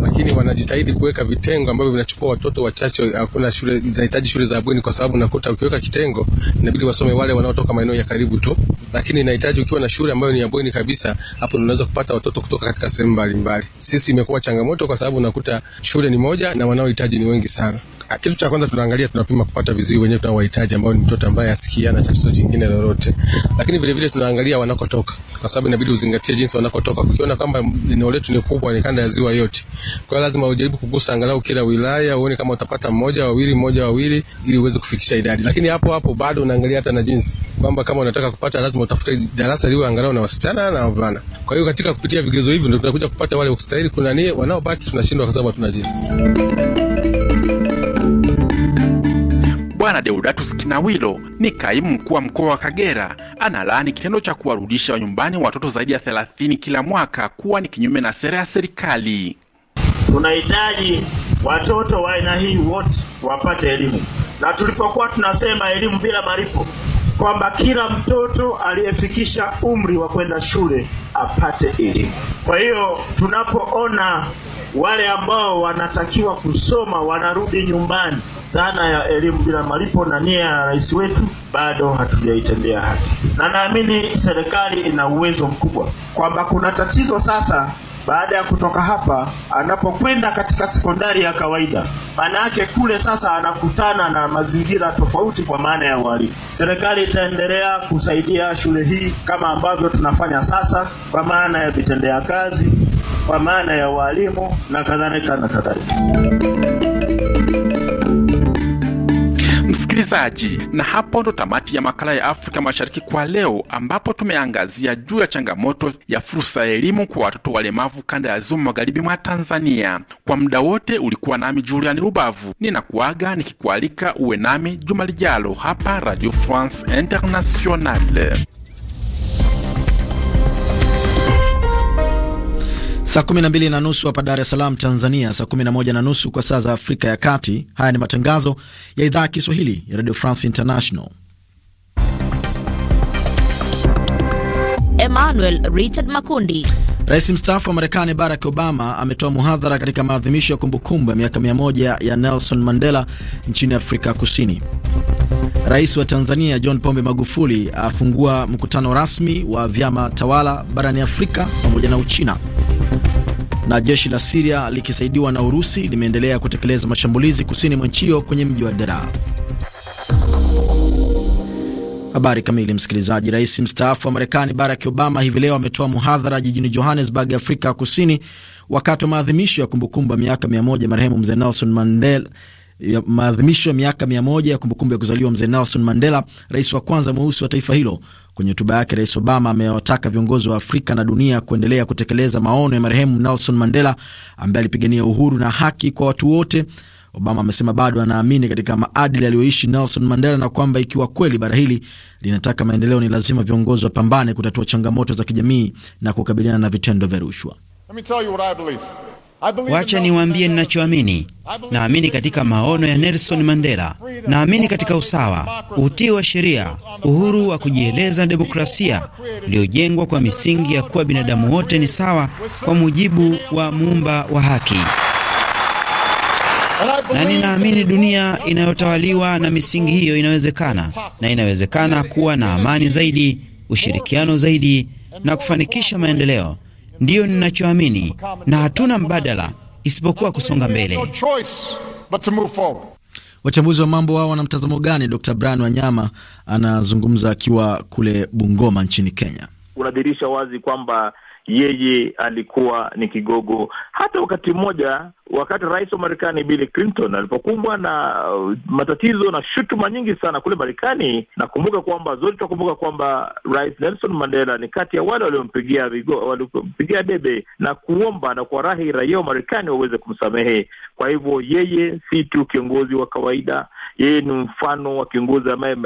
lakini wanajitahidi kuweka vitengo ambavyo vinachukua watoto wachache. Hakuna shule zinahitaji shule za bweni, kwa sababu nakuta ukiweka kitengo inabidi wasome wale wanaotoka maeneo ya karibu tu, lakini inahitaji ukiwa na shule ambayo ni ya bweni kabisa, hapo unaweza kupata watoto kutoka katika sehemu mbalimbali. Sisi imekuwa changamoto, kwa sababu nakuta shule ni moja na wanaohitaji ni wengi sana. Ah, kitu cha kwanza tunaangalia, tunapima kupata viziwi wenyewe tunaohitaji, ambao ni mtoto ambaye asikia na tatizo jingine lolote, lakini vile vile tunaangalia wanakotoka, kwa sababu inabidi uzingatie jinsi wanakotoka. Ukiona kwamba eneo letu ni kubwa, ni kanda ya ziwa yote, kwa hiyo lazima ujaribu kugusa angalau kila wilaya, uone kama utapata mmoja wawili, mmoja wawili, ili uweze kufikisha idadi. Lakini hapo hapo bado unaangalia hata na jinsi kwamba kama unataka kupata, lazima utafute darasa liwe angalau na wasichana na wavulana. Kwa hiyo katika kupitia vigezo hivyo ndio tunakuja kupata wale wakustahili. Kuna nie wanaobaki tunashindwa kwa sababu hatuna jinsi Bwana Deodatus Kinawilo ni kaimu mkuu wa mkoa wa Kagera analaani kitendo cha kuwarudisha nyumbani watoto zaidi ya thelathini kila mwaka kuwa ni kinyume na sera ya serikali. Tunahitaji watoto wa aina hii wote wapate elimu, na tulipokuwa tunasema elimu bila malipo, kwamba kila mtoto aliyefikisha umri wa kwenda shule apate elimu. Kwa hiyo tunapoona wale ambao wanatakiwa kusoma wanarudi nyumbani dhana ya elimu bila malipo na nia ya rais wetu bado hatujaitendea haki, na naamini serikali ina uwezo mkubwa kwamba kuna tatizo sasa baada ya kutoka hapa anapokwenda katika sekondari ya kawaida, maana yake kule sasa anakutana na mazingira tofauti kwa maana ya walimu. Serikali itaendelea kusaidia shule hii kama ambavyo tunafanya sasa, kwa maana ya vitendea kazi, kwa maana ya walimu na kadhalika na kadhalika msikilizaji, na hapo ndo tamati ya makala ya Afrika Mashariki kwa leo, ambapo tumeangazia juu ya changamoto ya fursa ya elimu kwa watoto walemavu kanda ya zumu magharibi mwa Tanzania. Kwa muda wote ulikuwa nami Juliani Rubavu, ninakuaga nikikualika uwe nami juma lijalo hapa Radio France Internationale. Saa kumi na mbili na nusu hapa Dar es Salaam, Tanzania, saa kumi na moja na nusu kwa saa za Afrika ya Kati. Haya ni matangazo ya idhaa ya Kiswahili ya Radio France International. Emmanuel Richard Makundi. Rais mstaafu wa Marekani Barack Obama ametoa muhadhara katika maadhimisho ya kumbukumbu ya miaka mia moja ya Nelson Mandela nchini Afrika Kusini. Rais wa Tanzania John Pombe Magufuli afungua mkutano rasmi wa vyama tawala barani Afrika pamoja na Uchina. Na jeshi la Siria likisaidiwa na Urusi limeendelea kutekeleza mashambulizi kusini mwa nchi hiyo kwenye mji wa Daraa. Habari kamili, msikilizaji. Rais mstaafu wa Marekani Barack Obama hivi leo ametoa muhadhara jijini Johannesburg, Afrika Kusini, wakati wa maadhimisho ya kumbukumbu ya miaka mia moja marehemu mzee Nelson Mandela maadhimisho ya miaka mia moja ya kumbukumbu ya kuzaliwa mzee Nelson Mandela, rais wa kwanza mweusi wa taifa hilo. Kwenye hotuba yake, Rais Obama amewataka viongozi wa Afrika na dunia kuendelea kutekeleza maono ya marehemu Nelson Mandela ambaye alipigania uhuru na haki kwa watu wote. Obama amesema bado anaamini katika maadili aliyoishi Nelson Mandela na kwamba ikiwa kweli bara hili linataka maendeleo, ni lazima viongozi wapambane kutatua changamoto za kijamii na kukabiliana na vitendo vya rushwa. Wacha niwaambie ninachoamini. Naamini katika maono ya Nelson Mandela, naamini katika usawa, utii wa sheria, uhuru wa kujieleza demokrasia iliyojengwa kwa misingi ya kuwa binadamu wote ni sawa kwa mujibu wa muumba wa haki na ninaamini dunia inayotawaliwa na misingi hiyo inawezekana, na inawezekana kuwa na amani zaidi, ushirikiano zaidi, na kufanikisha maendeleo ndiyo ninachoamini na hatuna mbadala isipokuwa kusonga mbele. Wachambuzi wa mambo hao wana mtazamo gani? d Brian Wanyama anazungumza akiwa kule Bungoma nchini Kenya. Unadhihirisha wazi kwamba yeye alikuwa ni kigogo. Hata wakati mmoja, wakati rais wa Marekani Bill Clinton alipokumbwa na uh, matatizo na shutuma nyingi sana kule Marekani, nakumbuka kwamba zote tunakumbuka kwamba rais Nelson Mandela ni kati ya wale waliompigia waliompigia debe na kuomba na kuwarahi raia wa Marekani waweze kumsamehe. Kwa hivyo, yeye si tu kiongozi wa kawaida yeye ni mfano wa kiongozi ambaye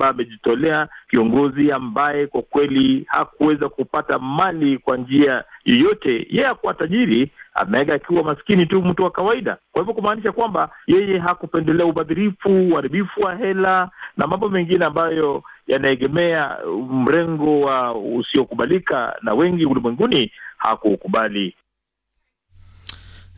amejitolea, kiongozi ambaye kwa kweli hakuweza kupata mali kwa njia yoyote. Yeye hakuwa tajiri, amega akiwa maskini tu, mtu wa kawaida. Kwa hivyo kumaanisha kwamba yeye hakupendelea ubadhirifu, uharibifu wa hela na mambo mengine ambayo yanaegemea mrengo wa usiokubalika na wengi ulimwenguni, hakukubali.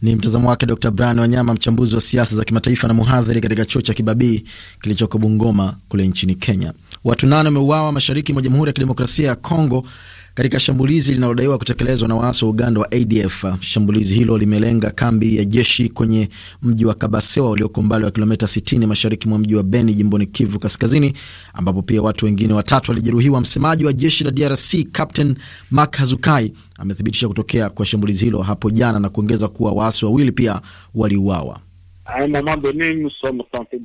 Ni mtazamo wake Dr Brian Wanyama, mchambuzi wa siasa za kimataifa na muhadhiri katika chuo cha Kibabii kilichoko Bungoma kule nchini Kenya. Watu nane wameuawa mashariki mwa Jamhuri ya Kidemokrasia ya Kongo katika shambulizi linalodaiwa kutekelezwa na waasi wa Uganda wa ADF. Shambulizi hilo limelenga kambi ya jeshi kwenye mji wa Kabasewa ulioko mbali wa kilomita 60 mashariki mwa mji wa Beni, jimboni Kivu Kaskazini, ambapo pia watu wengine watatu walijeruhiwa. Msemaji wa jeshi la DRC Captain Mark Hazukai amethibitisha kutokea kwa shambulizi hilo hapo jana na kuongeza kuwa waasi wawili pia waliuawa.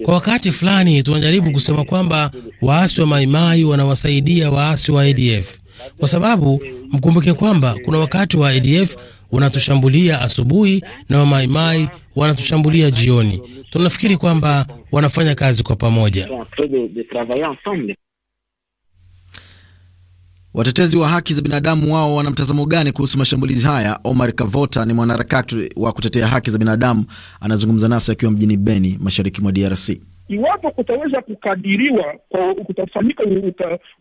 Kwa wakati fulani tunajaribu kusema kwamba waasi wa Maimai wanawasaidia waasi wa ADF kwa sababu mkumbuke kwamba kuna wakati wa ADF wanatushambulia asubuhi na wamaimai wanatushambulia jioni. Tunafikiri kwamba wanafanya kazi kwa pamoja. Watetezi wa haki za binadamu wao wana mtazamo gani kuhusu mashambulizi haya? Omar Kavota ni mwanaharakati wa kutetea haki za binadamu, anazungumza nasi akiwa mjini Beni, mashariki mwa DRC iwapo kutaweza kukadiriwa kwa kutafanyika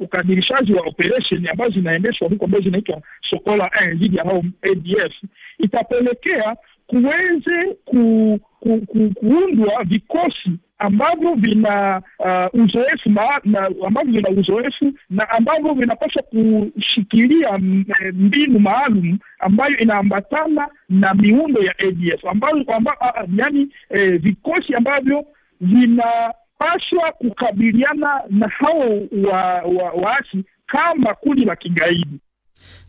ukadirishaji wa operation ambazo zinaendeshwa huko ambazo zinaitwa Sokola dhidi ya hao ADF, itapelekea kuweze ku, ku, ku, kuundwa vikosi ambavyo vina uh, uzoefu na ambavyo vina uzoefu na ambavyo vinapaswa kushikilia mm, eh, mbinu maalum ambayo inaambatana na miundo ya ADF ambayo, amba, a, yani eh, vikosi ambavyo zinapaswa kukabiliana na hao waasi wa, wa kama kundi la kigaidi.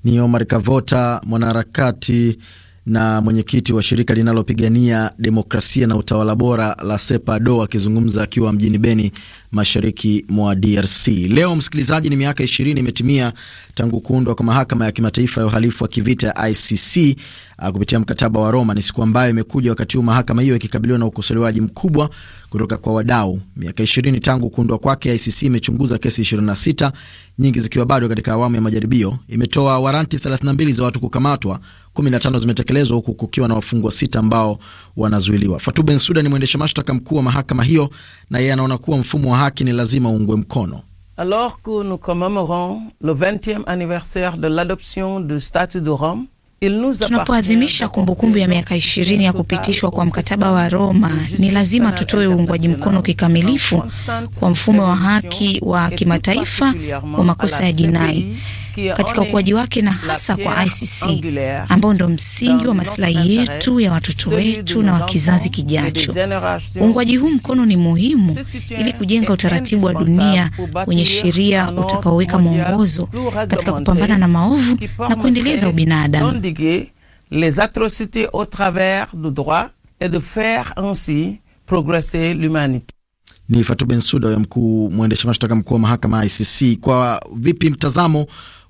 Ni Omar Kavota, mwanaharakati na mwenyekiti wa shirika linalopigania demokrasia na utawala bora la SEPADO akizungumza akiwa mjini Beni, mashariki mwa DRC. Leo msikilizaji, ni miaka ishirini imetimia tangu kuundwa kwa mahakama ya kimataifa ya uhalifu wa kivita ya ICC ah, kupitia mkataba wa Roma. Ni siku ambayo imekuja wakati huu mahakama hiyo ikikabiliwa na ukosolewaji mkubwa kutoka kwa wadau. Miaka ishirini tangu kuundwa kwake, ICC imechunguza kesi 26 nyingi zikiwa bado katika awamu ya majaribio. Imetoa waranti 32 za watu kukamatwa 15 zimetekelezwa huku kukiwa na wafungwa sita ambao wanazuiliwa. Fatou Bensouda ni mwendesha mashtaka mkuu wa mahakama hiyo, na yeye anaona kuwa mfumo wa haki ni lazima uungwe mkono. Alors que nous commemorons le 20e anniversaire de l'adoption du statut de Rome Tunapoadhimisha kumbukumbu ya miaka ishirini ya kupitishwa kwa mkataba wa Roma, ni lazima tutoe uungwaji mkono kikamilifu kwa mfumo wa haki wa kimataifa wa makosa ya jinai katika ukuaji wake na hasa kwa ICC ambao ndo msingi wa maslahi yetu ya watoto wetu na wa kizazi kijacho. Uungwaji huu mkono ni muhimu ili kujenga utaratibu wa dunia wenye sheria utakaoweka mwongozo katika kupambana na maovu na kuendeleza ubinadamu. Les atrocités au travers du droit et de faire ainsi progresser l'humanité ni Fatou Bensouda ya mkuu mwendesha mashtaka mkuu wa mahakama ICC. Kwa vipi mtazamo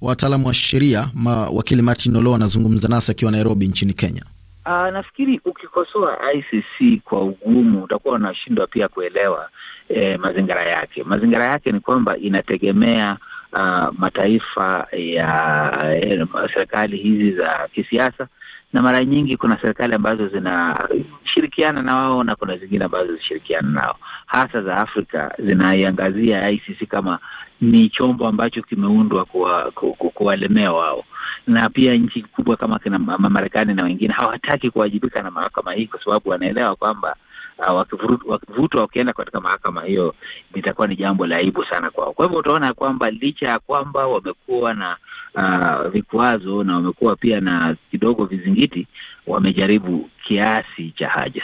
wa wataalamu wa sheria? Wakili Martin Olo anazungumza nasi akiwa Nairobi nchini Kenya. Aa, ah, nafikiri ukikosoa ICC kwa ugumu utakuwa unashindwa pia kuelewa e, eh, mazingira yake. Mazingira yake ni kwamba inategemea uh, mataifa ya, ya eh, serikali hizi za kisiasa na mara nyingi kuna serikali ambazo zinashirikiana na wao na kuna zingine ambazo zishirikiana nao, hasa za Afrika zinaiangazia ICC kama ni chombo ambacho kimeundwa kuwalemea wao, na pia nchi kubwa kama kina Marekani na wengine hawataki kuwajibika na mahakama hii kwa sababu wanaelewa kwamba Ah, wakivutwa wakienda katika mahakama hiyo, litakuwa ni jambo la aibu sana kwao. Kwa hivyo utaona kwamba licha ya kwamba wamekuwa na uh, vikwazo na wamekuwa pia na kidogo vizingiti, wamejaribu kiasi cha haja.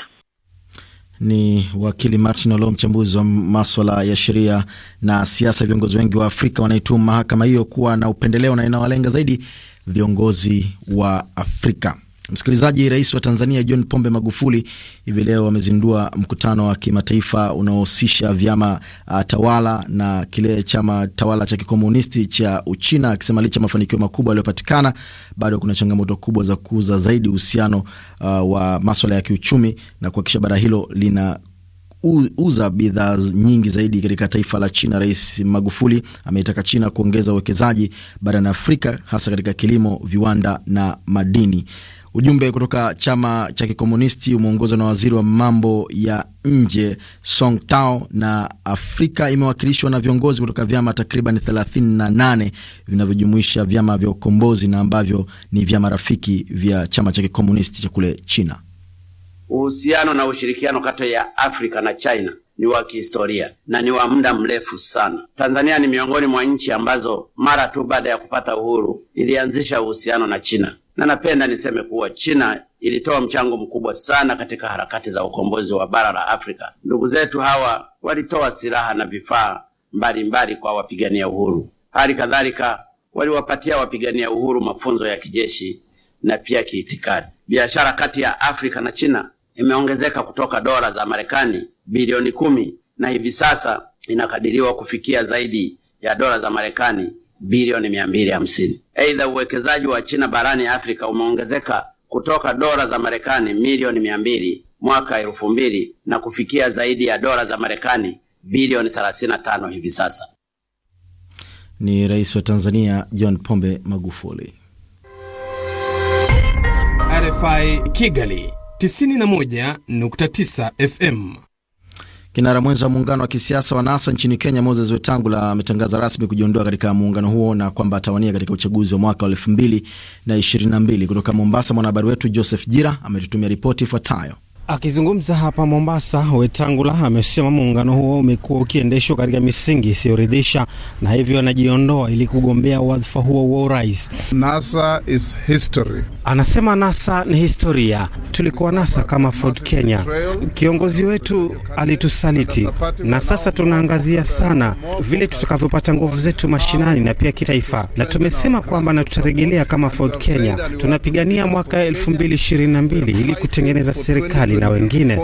Ni wakili Martin Olo, mchambuzi wa maswala ya sheria na siasa. Viongozi wengi wa Afrika wanaituma mahakama hiyo kuwa na upendeleo na inawalenga zaidi viongozi wa Afrika. Msikilizaji, rais wa Tanzania John Pombe Magufuli hivi leo amezindua mkutano wa kimataifa unaohusisha vyama uh, tawala na kile chama tawala cha kikomunisti cha Uchina, akisema licha mafanikio makubwa yaliyopatikana bado kuna changamoto kubwa za kuuza zaidi uhusiano uh, wa maswala ya kiuchumi na kuhakikisha bara hilo lina uza bidhaa nyingi zaidi katika taifa la China. Rais Magufuli ameitaka China kuongeza uwekezaji barani Afrika, hasa katika kilimo, viwanda na madini. Ujumbe kutoka chama cha kikomunisti umeongozwa na waziri wa mambo ya nje Song Tao, na Afrika imewakilishwa na viongozi kutoka vyama takriban 38 vinavyojumuisha vyama vya ukombozi na ambavyo ni vyama rafiki vya chama cha kikomunisti cha kule China. Uhusiano na ushirikiano kati ya Afrika na China ni wa kihistoria na ni wa muda mrefu sana. Tanzania ni miongoni mwa nchi ambazo mara tu baada ya kupata uhuru ilianzisha uhusiano na China na napenda niseme kuwa China ilitoa mchango mkubwa sana katika harakati za ukombozi wa bara la Afrika. Ndugu zetu hawa walitoa silaha na vifaa mbalimbali kwa wapigania uhuru. Hali kadhalika waliwapatia wapigania uhuru mafunzo ya kijeshi na pia kiitikadi. Biashara kati ya Afrika na China imeongezeka kutoka dola za Marekani bilioni kumi na hivi sasa inakadiriwa kufikia zaidi ya dola za Marekani bilioni mia mbili hamsini. Aidha, uwekezaji wa China barani Afrika umeongezeka kutoka dola za Marekani milioni mia mbili mwaka elfu mbili na kufikia zaidi ya dola za Marekani bilioni 35 hivi sasa. Ni Rais wa Tanzania John Pombe Magufuli. RFI Kigali 91.9 FM. Kinara mwenza wa muungano wa kisiasa wa NASA nchini Kenya, Moses Wetangula ametangaza rasmi kujiondoa katika muungano huo na kwamba atawania katika uchaguzi wa mwaka wa elfu mbili na ishirini na mbili. Kutoka Mombasa, mwanahabari wetu Joseph Jira ametutumia ripoti ifuatayo. Akizungumza hapa Mombasa, Wetangula amesema muungano huo umekuwa ukiendeshwa katika misingi isiyoridhisha na hivyo anajiondoa ili kugombea wadhifa huo wa urais. NASA is history. Anasema NASA ni historia. Tulikuwa NASA kama Ford Kenya, kiongozi wetu alitusaliti, na sasa tunaangazia sana vile tutakavyopata nguvu zetu mashinani na pia kitaifa, na tumesema kwamba na tutaregelea kama Ford Kenya. Tunapigania mwaka 2022 ili kutengeneza serikali na wengine.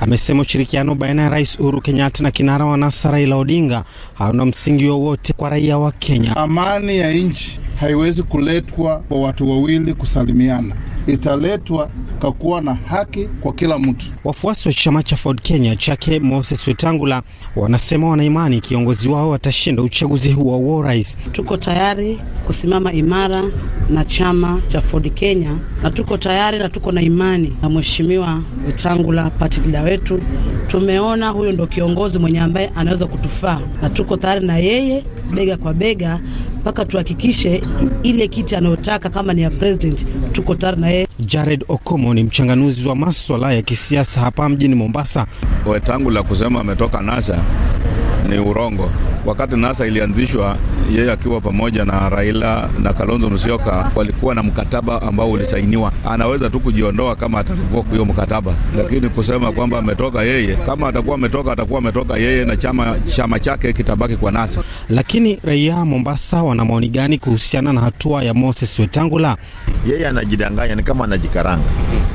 Amesema ushirikiano baina ya Rais Uhuru Kenyatta na kinara wa NASA Raila Odinga hauna msingi wowote kwa raia wa Kenya. Amani ya nchi haiwezi kuletwa kwa watu wawili kusalimiana, italetwa kwa kuwa na haki kwa kila mtu. Wafuasi wa chama cha Ford Kenya chake Moses Wetangula wanasema wanaimani kiongozi wao watashinda uchaguzi huo wa urais. Tuko tayari kusimama imara na chama cha Ford Kenya, na tuko tayari na tuko na imani na mheshimiwa Wetangula patida wetu. Tumeona huyo ndo kiongozi mwenye ambaye anaweza kutufaa, na tuko tayari na yeye bega kwa bega mpaka tuhakikishe ile kiti anayotaka, kama ni ya president, tuko tayari na yeye. Jared Okomo ni mchanganuzi wa maswala ya kisiasa hapa mjini Mombasa. Wetangu la kusema ametoka NASA ni urongo. Wakati NASA ilianzishwa, yeye akiwa pamoja na Raila na Kalonzo Musyoka walikuwa na mkataba ambao ulisainiwa. Anaweza tu kujiondoa kama atarevoke hiyo mkataba, lakini kusema kwamba ametoka yeye, kama atakuwa ametoka, atakuwa ametoka yeye na chama chama chake kitabaki kwa NASA. Lakini raia Mombasa wana maoni gani kuhusiana na hatua ya Moses Wetangula? Yeye anajidanganya, ni kama anajikaranga.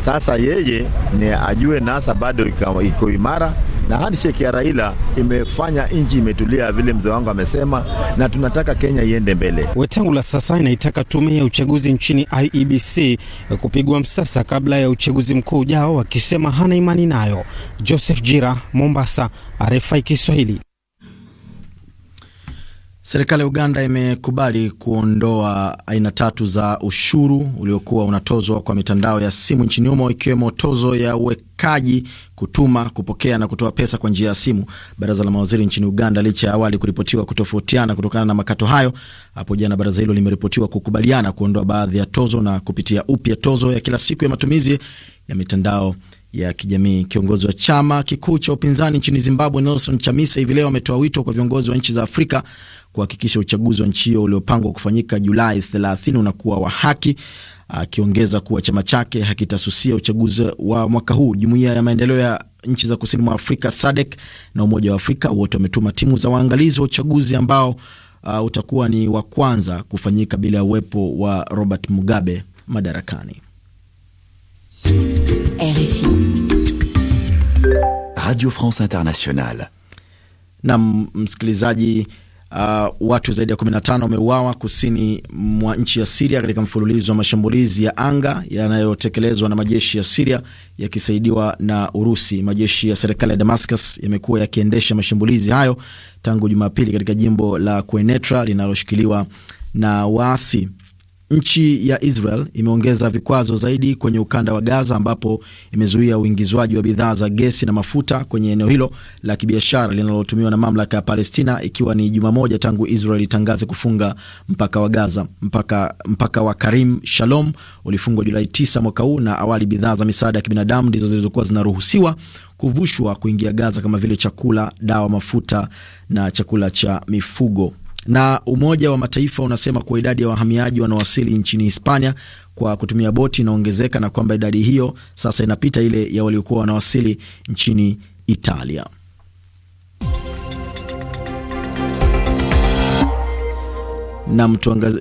Sasa yeye ni ajue NASA bado iko imara na handshake ya Raila imefanya nchi imetulia vile mzee wangu amesema, na tunataka Kenya iende mbele. Wetangula sasa inaitaka tume ya uchaguzi nchini IEBC kupigwa msasa kabla ya uchaguzi mkuu ujao, wakisema hana imani nayo. Joseph Jira, Mombasa, RFI Kiswahili. Serikali ya Uganda imekubali kuondoa aina tatu za ushuru uliokuwa unatozwa kwa mitandao ya simu nchini humo ikiwemo tozo ya uwekaji, kutuma, kupokea na kutoa pesa kwa njia ya simu. Baraza la mawaziri nchini Uganda, licha ya awali kuripotiwa kutofautiana kutokana na makato hayo, hapo jana baraza hilo limeripotiwa kukubaliana kuondoa baadhi ya tozo na kupitia upya tozo ya kila siku ya matumizi ya mitandao ya kijamii. Kiongozi wa chama kikuu cha upinzani nchini Zimbabwe, Nelson Chamisa, hivi leo ametoa wito kwa viongozi wa nchi za Afrika kuhakikisha uchaguzi wa nchi hiyo uliopangwa kufanyika Julai 30 unakuwa wa haki, akiongeza kuwa chama chake hakitasusia uchaguzi wa mwaka huu. Jumuiya ya maendeleo ya nchi za kusini mwa Afrika SADC na Umoja wa Afrika wote wametuma timu za waangalizi wa uchaguzi ambao uh, utakuwa ni wa kwanza kufanyika bila ya uwepo wa Robert Mugabe madarakani. RFI. Radio France Internationale. Na msikilizaji, uh, watu zaidi ya 15 wameuawa kusini mwa nchi ya Siria katika mfululizo wa mashambulizi ya anga yanayotekelezwa na majeshi ya Siria yakisaidiwa na Urusi. Majeshi ya serikali ya Damascus yamekuwa yakiendesha mashambulizi hayo tangu Jumapili katika jimbo la Quneitra linaloshikiliwa na waasi. Nchi ya Israel imeongeza vikwazo zaidi kwenye ukanda wa Gaza ambapo imezuia uingizwaji wa bidhaa za gesi na mafuta kwenye eneo hilo la kibiashara linalotumiwa na mamlaka ya Palestina, ikiwa ni juma moja tangu Israel itangaze kufunga mpaka wa Gaza. Mpaka, mpaka wa Karim Shalom ulifungwa Julai 9 mwaka huu, na awali bidhaa za misaada ya kibinadamu ndizo zilizokuwa zinaruhusiwa kuvushwa kuingia Gaza kama vile chakula, dawa, mafuta na chakula cha mifugo. Na Umoja wa Mataifa unasema kuwa idadi ya wahamiaji wanaowasili nchini Hispania kwa kutumia boti inaongezeka na kwamba idadi hiyo sasa inapita ile ya waliokuwa wanawasili nchini Italia. Nam,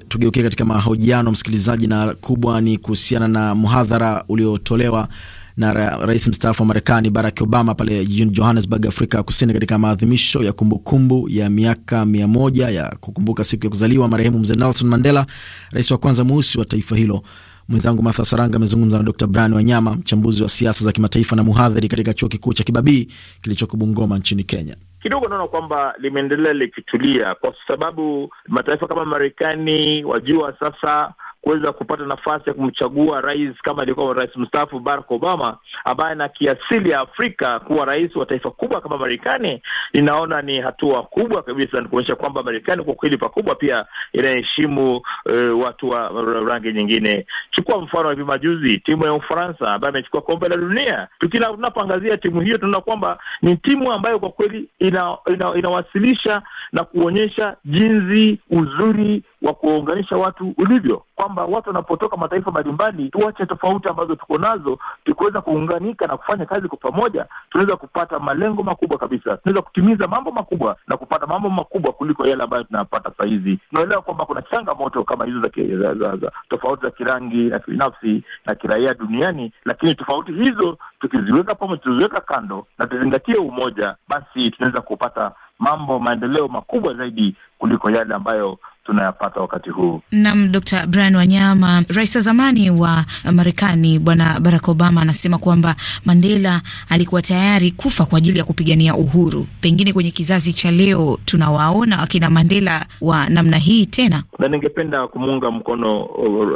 tugeukie katika mahojiano msikilizaji, na kubwa ni kuhusiana na mhadhara uliotolewa na ra rais mstaafu wa Marekani Barack Obama pale jijini Johannesburg, Afrika Kusini, katika maadhimisho ya kumbukumbu kumbu ya miaka mia moja ya kukumbuka siku ya kuzaliwa marehemu mzee Nelson Mandela, rais wa kwanza mweusi wa taifa hilo. Mwenzangu Martha Saranga amezungumza na Dr Brian Wanyama, mchambuzi wa siasa za kimataifa na mhadhiri katika chuo kikuu cha Kibabii kilichoko Bungoma nchini Kenya. Kidogo naona kwamba limeendelea likitulia, kwa sababu mataifa kama Marekani wajua sasa kuweza kupata nafasi ya kumchagua rais kama ilikuwa rais mstaafu Barack Obama, ambaye na kiasili ya Afrika kuwa rais wa taifa kubwa kama Marekani, ninaona ni hatua kubwa kabisa, ni kuonyesha kwamba Marekani kwa kweli pakubwa pia inaheshimu uh, watu wa rangi nyingine. Chukua mfano wa hivi majuzi, timu ya Ufaransa ambayo amechukua kombe la dunia. Tunapoangazia timu hiyo, tunaona kwamba ni timu ambayo kwa kweli ina, ina, inawasilisha na kuonyesha jinsi uzuri wa kuwaunganisha watu ulivyo, kwamba watu wanapotoka mataifa mbalimbali, tuache tofauti ambazo tuko nazo, tukiweza kuunganika na kufanya kazi kwa pamoja, tunaweza kupata malengo makubwa kabisa, tunaweza kutimiza mambo makubwa na kupata mambo makubwa kuliko yale ambayo tunapata saa hizi. Tunaelewa kwamba kuna changamoto kama hizo za, za, za, za tofauti za kirangi na kibinafsi na kiraia duniani, lakini tofauti hizo tukiziweka pamoja, tuziweka kando na tuzingatie umoja, basi tunaweza kupata mambo maendeleo makubwa zaidi kuliko yale ambayo tunayapata wakati huu. Naam, Dr. Brian Wanyama, rais wa zamani wa Marekani Bwana Barack Obama anasema kwamba Mandela alikuwa tayari kufa kwa ajili ya kupigania uhuru. Pengine kwenye kizazi cha leo tunawaona akina Mandela wa namna hii tena, na ningependa kumuunga mkono uh,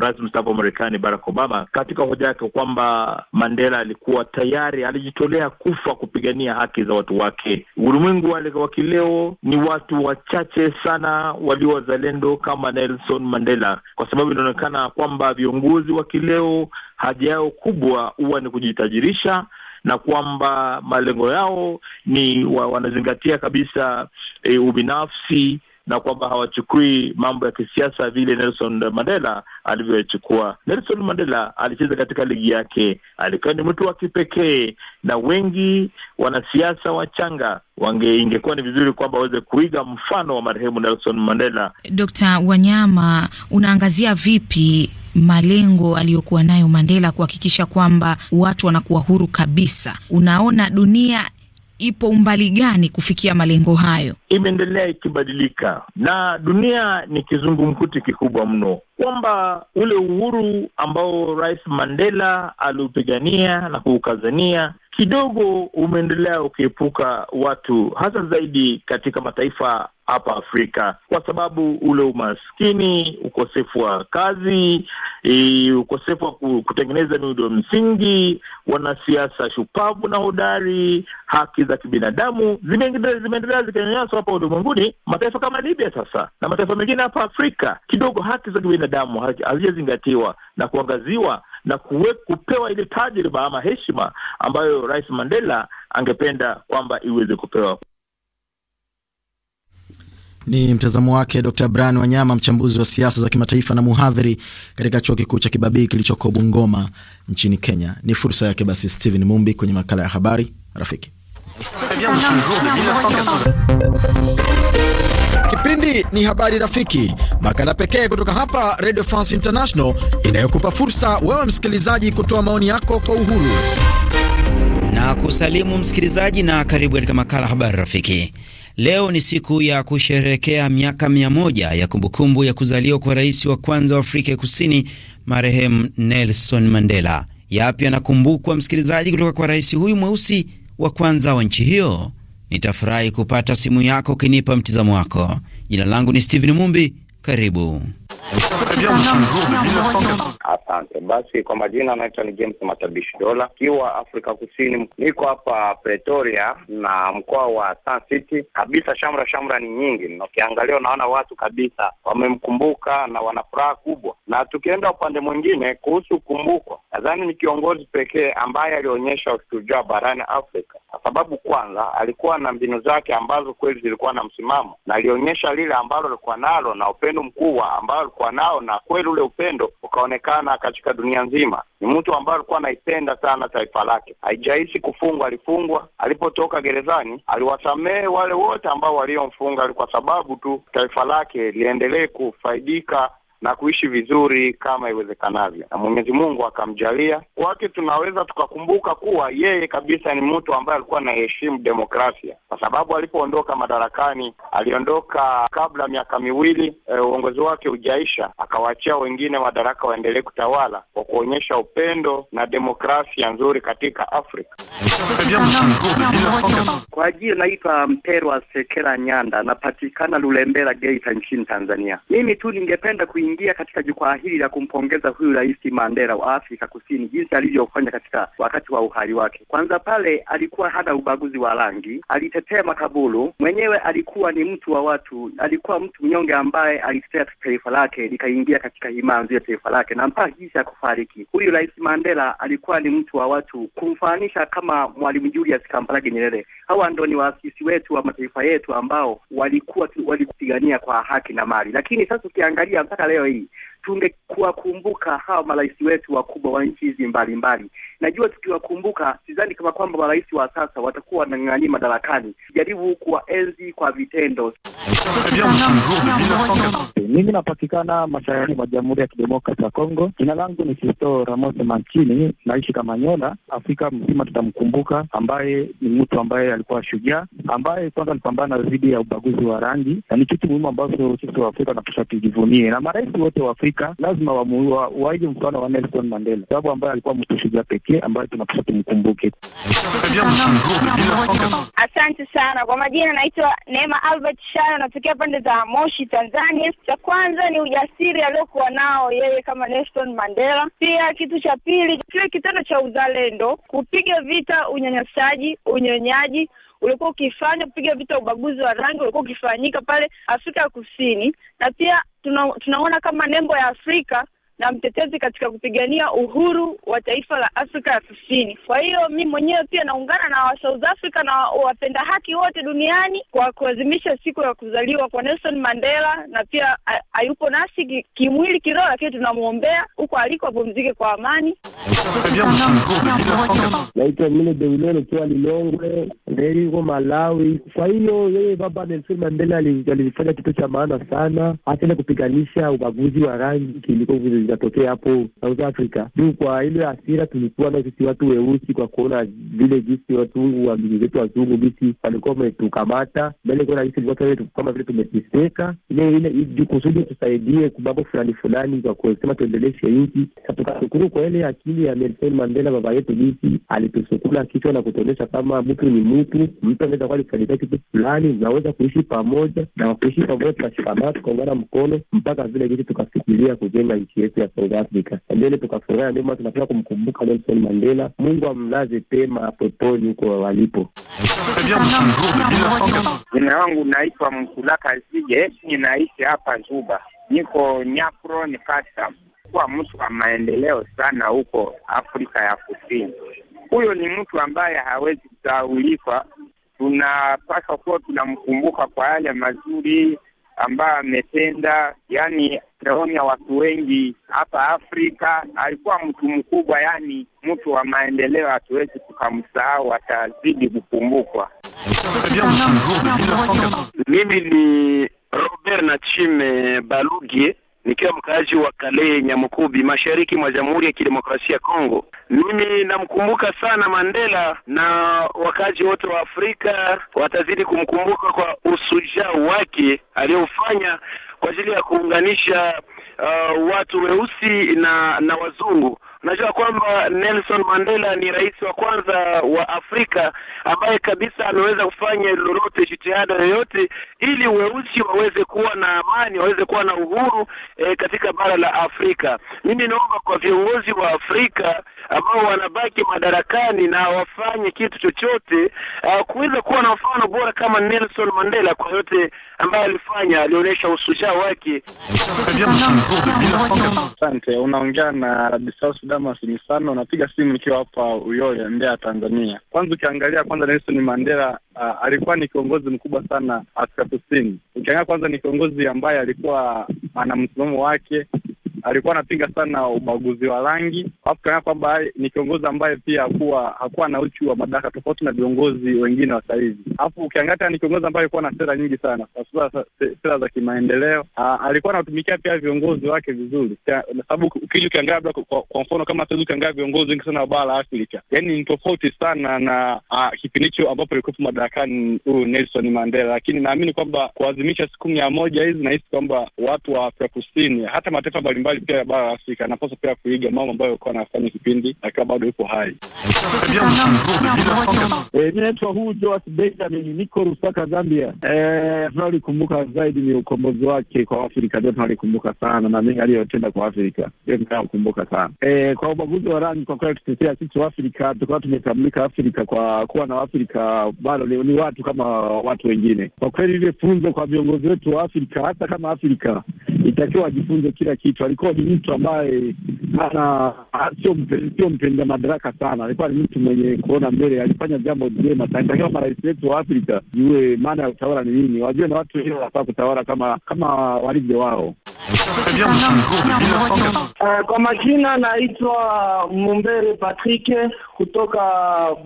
rais mstaafu wa Marekani Barack Obama katika hoja yake kwamba Mandela alikuwa tayari, alijitolea kufa kupigania haki za watu wake. Ulimwengu wa leo ni watu wa wachache sana walio wazalendo kama Nelson Mandela, kwa sababu inaonekana kwamba viongozi wa kileo haja yao kubwa huwa ni kujitajirisha na kwamba malengo yao ni wa, wanazingatia kabisa e, ubinafsi na kwamba hawachukui mambo ya kisiasa vile Nelson Mandela alivyochukua. Nelson Mandela alicheza katika ligi yake, alikuwa ni mtu wa kipekee, na wengi wanasiasa wachanga wange, ingekuwa ni vizuri kwamba waweze kuiga mfano wa marehemu Nelson Mandela. Dr. Wanyama, unaangazia vipi malengo aliyokuwa nayo Mandela kuhakikisha kwamba watu wanakuwa huru kabisa? Unaona dunia ipo umbali gani kufikia malengo hayo? Imeendelea ikibadilika na dunia ni kizungumkuti kikubwa mno, kwamba ule uhuru ambao Rais Mandela aliupigania na kuukazania kidogo umeendelea ukiepuka watu, hasa zaidi katika mataifa hapa Afrika kwa sababu ule umaskini, ukosefu wa kazi, e, ukosefu wa kutengeneza miundo msingi, wanasiasa shupavu na hodari, haki za kibinadamu zimeendelea zikinyanyaswa hapa ulimwenguni, mataifa kama Libya sasa na mataifa mengine hapa Afrika. Kidogo haki za kibinadamu hazijazingatiwa na kuangaziwa na kuwe, kupewa ile tajriba ama heshima ambayo Rais Mandela angependa kwamba iweze kupewa. Ni mtazamo wake Dr Brian Wanyama, mchambuzi wa siasa za kimataifa na muhadhiri katika chuo kikuu cha Kibabii kilichoko Bungoma nchini Kenya. Ni fursa yake basi stehen Mumbi kwenye makala ya habari rafiki. Kipindi ni habari rafiki, makala pekee kutoka hapa Radio France International inayokupa fursa wewe msikilizaji kutoa maoni yako kwa uhuru na kusalimu msikilizaji, na karibu katika makala habari rafiki. Leo ni siku ya kusherehekea miaka mia moja ya kumbukumbu ya kuzaliwa kwa rais wa kwanza wa Afrika ya Kusini, marehemu Nelson Mandela. Yapi anakumbukwa msikilizaji, kutoka kwa rais huyu mweusi wa kwanza wa nchi hiyo? Nitafurahi kupata simu yako ukinipa mtizamo wako. Jina langu ni Steven Mumbi, karibu Asante basi. Kwa majina anaitwa ni James Matabishi Dola, kiwa Afrika Kusini. Niko hapa Pretoria na mkoa wa Sun City. Kabisa shamra shamra ni nyingi, na ukiangalia unaona watu kabisa wamemkumbuka na wana furaha kubwa. Na tukienda upande mwingine kuhusu kumbukwa, nadhani ni kiongozi pekee ambaye alionyesha ushujaa barani Afrika, kwa sababu kwanza alikuwa na mbinu zake ambazo kweli zilikuwa na msimamo, na alionyesha lile ambalo alikuwa nalo na upendo mkubwa ambalo alikuwa nao, na kweli ule upendo ukaonekana katika dunia nzima. Ni mtu ambaye alikuwa anaipenda sana taifa lake, Haijahisi kufungwa. Alifungwa, alipotoka gerezani aliwasamehe wale wote ambao waliomfunga kwa sababu tu taifa lake liendelee kufaidika na kuishi vizuri kama iwezekanavyo, na Mwenyezi Mungu akamjalia kwake. Tunaweza tukakumbuka kuwa yeye kabisa ni mtu ambaye alikuwa anaheshimu demokrasia, kwa sababu alipoondoka madarakani aliondoka kabla miaka miwili e, uongozi wake hujaisha, akawaachia wengine madaraka waendelee kutawala kwa kuonyesha upendo na demokrasia nzuri katika Afrika. Kwa ajili naitwa Mperwa Sekela Nyanda, napatikana Lulembela, Geita nchini Tanzania. Mimi tu ningependa kui kuingia katika jukwaa hili la kumpongeza huyu Rais Mandela wa Afrika Kusini, jinsi alivyofanya katika wakati wa uhai wake. Kwanza pale alikuwa hana ubaguzi wa rangi, alitetea makaburu, mwenyewe alikuwa ni mtu wa watu, alikuwa mtu mnyonge ambaye alitetea taifa lake likaingia katika himanzi ya taifa lake, na mpaka jinsi ya kufariki huyu Rais Mandela alikuwa ni mtu wa watu, kumfananisha kama Mwalimu Julius Kambarage Nyerere. Hawa ndio ni waasisi wetu wa mataifa yetu ambao walikuwa walikupigania kwa haki na mali, lakini sasa ukiangalia mpaka leo aí. tungekuwakumbuka hawa marais wetu wakubwa wa nchi hizi mbalimbali. Najua tukiwakumbuka, sidhani kama kwamba marais wa sasa watakuwa wanang'ang'ania madarakani. Jaribu kuwaenzi kwa vitendo. Mimi napatikana mashariki mwa Jamhuri ya Kidemokrasi ya Kongo. Jina langu ni Sisto Ramose Mancini, naishi Kamanyola. Afrika mzima tutamkumbuka, ambaye ni mtu ambaye alikuwa shujaa, ambaye kwanza alipambana dhidi ya ubaguzi wa rangi, na ni kitu muhimu ambacho sisi wa Afrika tujivunie, na marais wote wa Afrika Afrika lazima waige mfano wa Nelson Mandela, sababu ambaye alikuwa mtu shujaa pekee ambaye tunapaswa tumkumbuke. Asante sana kwa majina, naitwa Neema Albert Shara, natokea pande za Moshi, Tanzania. Cha kwanza ni ujasiri aliokuwa nao yeye kama Nelson Mandela, pia kitu cha pili kile kitendo cha uzalendo, kupiga vita unyanyasaji, unyonyaji ulikuwa ukifanya kupiga vita ubaguzi wa rangi ulikuwa ukifanyika pale Afrika ya Kusini, na pia tuna, tunaona kama nembo ya Afrika na mtetezi katika kupigania uhuru wa taifa la Afrika ya Kusini. Kwa hiyo mi mwenyewe pia naungana na wa South Africa na wapenda haki wote duniani kwa kuadhimisha siku ya kuzaliwa kwa Nelson Mandela, na pia hayupo nasi kimwili, kiroho, lakini tunamwombea huko aliko, apumzike kwa amani. Naitwa Mile Deulelo kiwa Lilongwe Nerigo, Malawi. Kwa hiyo yeye baba Nelson Mandela alifanya kitu cha maana sana, hata ile kupiganisha ubaguzi wa rangi kiliko zinatokea hapo South Africa. Juu kwa ile asira tulikuwa na sisi watu weusi kwa kuona vile jinsi watungu wandugu zetu wazungu bisi walikuwa wametukamata mbele, kuona jisi kama vile tumeteseka, ile ile kusudi tusaidie kubabo fulani fulani kwa kusema tuendeleshe nchi. Tukashukuru kwa ile akili ya Nelson Mandela baba yetu, jinsi alitusukula kichwa na kutuonyesha kama mtu ni mtu, mtu anaweza kuwa alikusaidia kitu fulani, naweza kuishi pamoja na kuishi pamoja, tunashikamana tukaungana mkono mpaka vile jinsi tukafikiria kujenga nchi yetu ya South Africa, ndio tukafurahi. Ndio maana tunapenda kumkumbuka Nelson Mandela. Mungu amlaze pema peponi huko walipo. Jina langu naitwa Mkulaka Zige, ninaishi hapa Zuba, niko Nyakro ni kata kuwa mtu wa maendeleo sana huko Afrika ya Kusini. Huyo ni mtu ambaye hawezi kusahaulika. Tunapaswa kuwa tunamkumbuka kwa yale mazuri ambayo ametenda, yaani sioni ya watu wengi hapa Afrika. Alikuwa mtu mkubwa, yani mtu wa maendeleo, hatuwezi tukamsahau, atazidi kukumbukwa. Mimi ni Robert Nachime Balugie nikiwa mkaaji wa Kale Nyamukubi, mashariki mwa Jamhuri ya Kidemokrasia ya Kongo. Mimi namkumbuka sana Mandela, na wakaaji wote wa Afrika watazidi kumkumbuka kwa usujaa wake aliyofanya kwa ajili ya kuunganisha uh, watu weusi na na wazungu Unajua kwamba Nelson Mandela ni rais wa kwanza wa Afrika ambaye kabisa ameweza kufanya lolote, jitihada yoyote, ili weusi waweze kuwa na amani, waweze kuwa na uhuru e, katika bara la Afrika. Mimi naomba kwa viongozi wa Afrika ambao wanabaki madarakani na wafanye kitu chochote uh, kuweza kuwa na mfano bora kama Nelson Mandela kwa yote ambayo alifanya, alionyesha ushujaa wake. Asante, unaongea na Rabbi Damas sana, unapiga simu nikiwa hapa Uyole, Mbeya, Tanzania. Kwanza ukiangalia kwanza Nelson Mandela uh, alikuwa ni kiongozi mkubwa sana Afrika Kusini. Ukiangalia kwanza ni kiongozi ambaye alikuwa ana msimamo wake alikuwa anapinga sana ubaguzi wa rangi, alafu tukaona kwamba ni kiongozi ambaye pia hakuwa hakuwa na uchu wa madaraka, tofauti na viongozi wengine wa sahizi. Alafu ukiangalia ni kiongozi ambaye alikuwa na sera nyingi sana, sera za kimaendeleo. Alikuwa anatumikia pia viongozi wake vizuri, sababu ukija ukiangalia labda kwa, kwa mfano kama sasa ukiangalia viongozi wengi sana wa bara la Afrika, yani ni tofauti sana na kipindi hicho ambapo alikuwepo madarakani huyu Nelson Mandela, lakini naamini kwamba kuadhimisha siku mia moja hizi, nahisi kwamba watu wa Afrika Kusini hata mataifa mbalimbali mbalimbali pia ya bara la Afrika anapaswa pia kuiga mambo ambayo alikuwa anafanya kipindi akiwa bado yuko hai. Mi naitwa huu Joas Benjamin, niko Rusaka, Zambia. Eh, tunalikumbuka zaidi ni ukombozi wake kwa Afrika, ndio tunalikumbuka sana na mengi aliyotenda kwa Afrika ndio tunayokumbuka sana. Eh, kwa ubaguzi wa rangi, kwa kweli tutetea sisi Waafrika, tukawa tumetambulika Afrika kwa kuwa na Waafrika bado ni watu kama watu wengine. Kwa kweli ile funzo kwa viongozi wetu wa Afrika, hata kama Afrika itakiwa wajifunze kila kitu alikuwa ni mtu ambaye ana sio mpenda madaraka sana, alikuwa ni mtu mwenye kuona mbele, alifanya jambo jema. Takiwa marais wetu wa Afrika jue maana ya utawala ni nini, wajue na watu wenyewe wanafaa kutawala kama kama walivyo wao. Uh, kwa majina naitwa Mumbere Patrick kutoka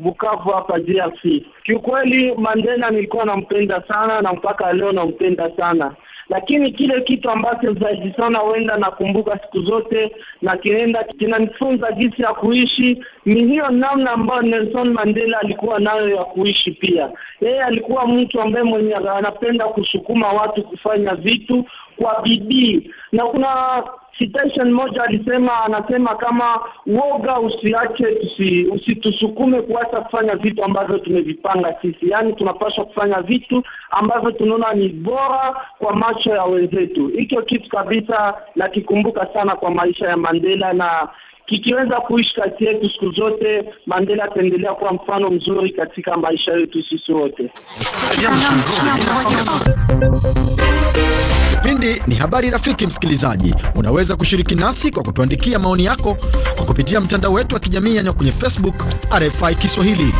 Bukavu hapa DRC. Kiukweli Mandela nilikuwa nampenda sana na mpaka leo nampenda sana lakini kile kitu ambacho zaidi sana huenda nakumbuka siku zote na kinaenda kinanifunza jinsi ya kuishi ni hiyo namna ambayo Nelson Mandela alikuwa nayo ya kuishi. Pia yeye alikuwa mtu ambaye mwenye anapenda kusukuma watu kufanya vitu kwa bidii, na kuna citation moja alisema, anasema kama woga usiache usi, usitusukume kuacha kufanya vitu ambavyo tumevipanga sisi, yaani tunapaswa kufanya vitu ambavyo tunaona ni bora kwa macho ya wenzetu. Hicho kitu kabisa nakikumbuka sana kwa maisha ya Mandela na kikiweza kuishi kati yetu siku zote, Mandela ataendelea kuwa mfano mzuri katika maisha yetu sisi wote. Kipindi ni habari rafiki. Msikilizaji, unaweza kushiriki nasi kwa kutuandikia maoni yako kwa kupitia mtandao wetu wa kijamii yaani kwenye Facebook RFI Kiswahili.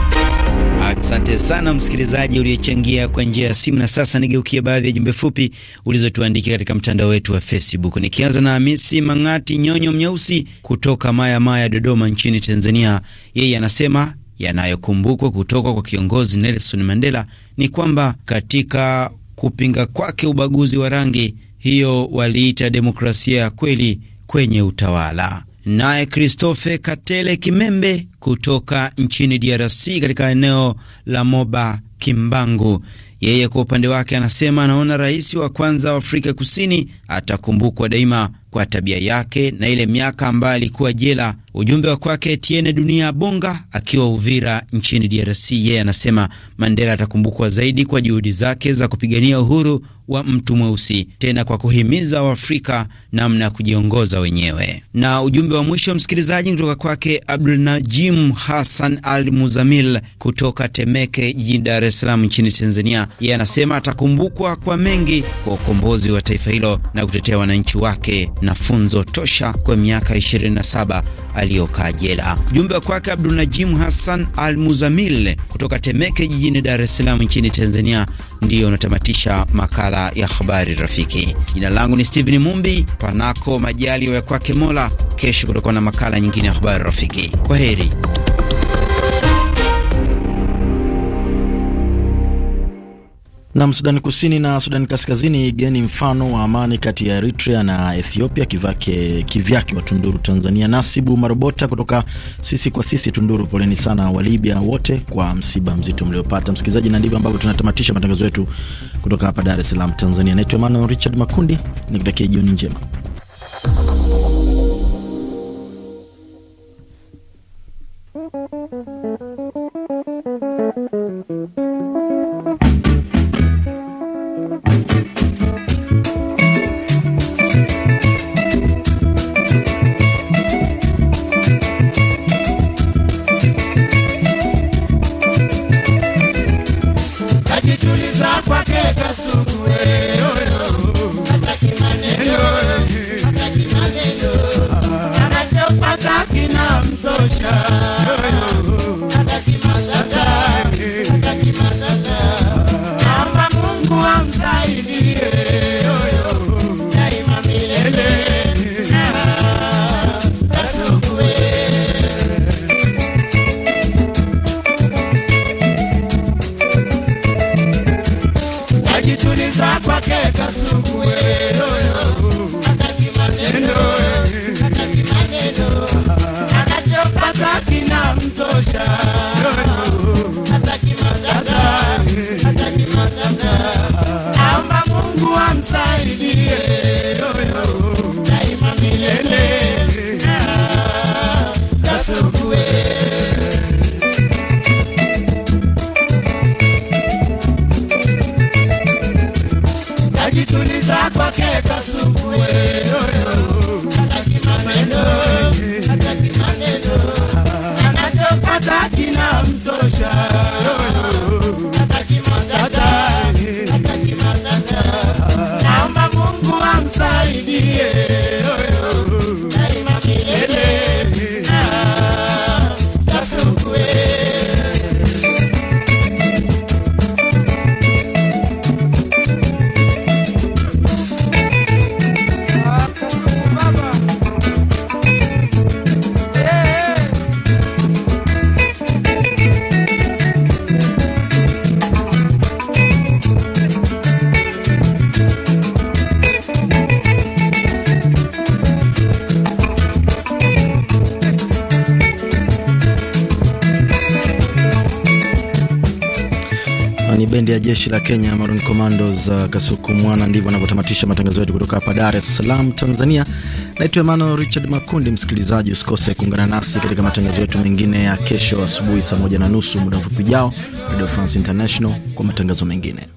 Asante sana msikilizaji uliyechangia kwa njia ya simu. Na sasa nigeukia baadhi ya jumbe fupi ulizotuandikia katika mtandao wetu wa Facebook, nikianza na Hamisi Mang'ati Nyonyo Mnyeusi kutoka Maya Maya, Dodoma nchini Tanzania. Yeye anasema yanayokumbukwa kutoka kwa kiongozi Nelson Mandela ni kwamba katika kupinga kwake ubaguzi wa rangi, hiyo waliita demokrasia ya kweli kwenye utawala. Naye Christophe Katele Kimembe kutoka nchini DRC katika eneo la Moba Kimbangu, yeye kwa upande wake anasema anaona rais wa kwanza wa Afrika Kusini atakumbukwa daima kwa tabia yake na ile miaka ambayo alikuwa jela. Ujumbe wa kwake Etienne Dunia Bonga akiwa Uvira nchini DRC, yeye anasema Mandela atakumbukwa zaidi kwa juhudi zake za kupigania uhuru wa mtu mweusi, tena kwa kuhimiza Waafrika namna ya kujiongoza wenyewe. Na ujumbe wa mwisho wa msikilizaji kutoka kwake Abdul Najim Hassan Al Muzamil kutoka Temeke jijini Dar es Salaam nchini Tanzania, yeye anasema atakumbukwa kwa mengi, kwa ukombozi wa taifa hilo na kutetea wananchi wake na funzo tosha kwa miaka 27 aliyokaa jela. Mjumbe wa kwake Abdul Najim Hassan Al Muzamil kutoka Temeke jijini Dar es Salaam nchini Tanzania, ndiyo unatamatisha makala ya habari rafiki. Jina langu ni Steven Mumbi, panako majali ya kwake Mola. Kesho kutakuwa na makala nyingine ya habari rafiki. Kwa heri. Nam Sudani Kusini na Sudani Kaskazini geni mfano wa amani kati ya Eritrea na Ethiopia kivake, kivyake wa Tunduru Tanzania. Nasibu Marobota kutoka sisi kwa sisi Tunduru, poleni sana wa Libya wote kwa msiba mzito mliopata, msikilizaji, na ndivyo ambavyo tunatamatisha matangazo yetu kutoka hapa Dar es Salaam Tanzania. Naitwa Emmanuel Richard Makundi, nikutakia jioni njema. la Kenya, Maroon Commandos uh, Kasuku Mwana. Ndivyo anavyotamatisha matangazo yetu kutoka hapa Dar es Salaam, Tanzania. Naitwa Emmanuel Richard Makundi. Msikilizaji, usikose kuungana nasi katika matangazo yetu mengine ya kesho asubuhi saa moja na nusu muda mfupi ujao, Radio France International kwa matangazo mengine.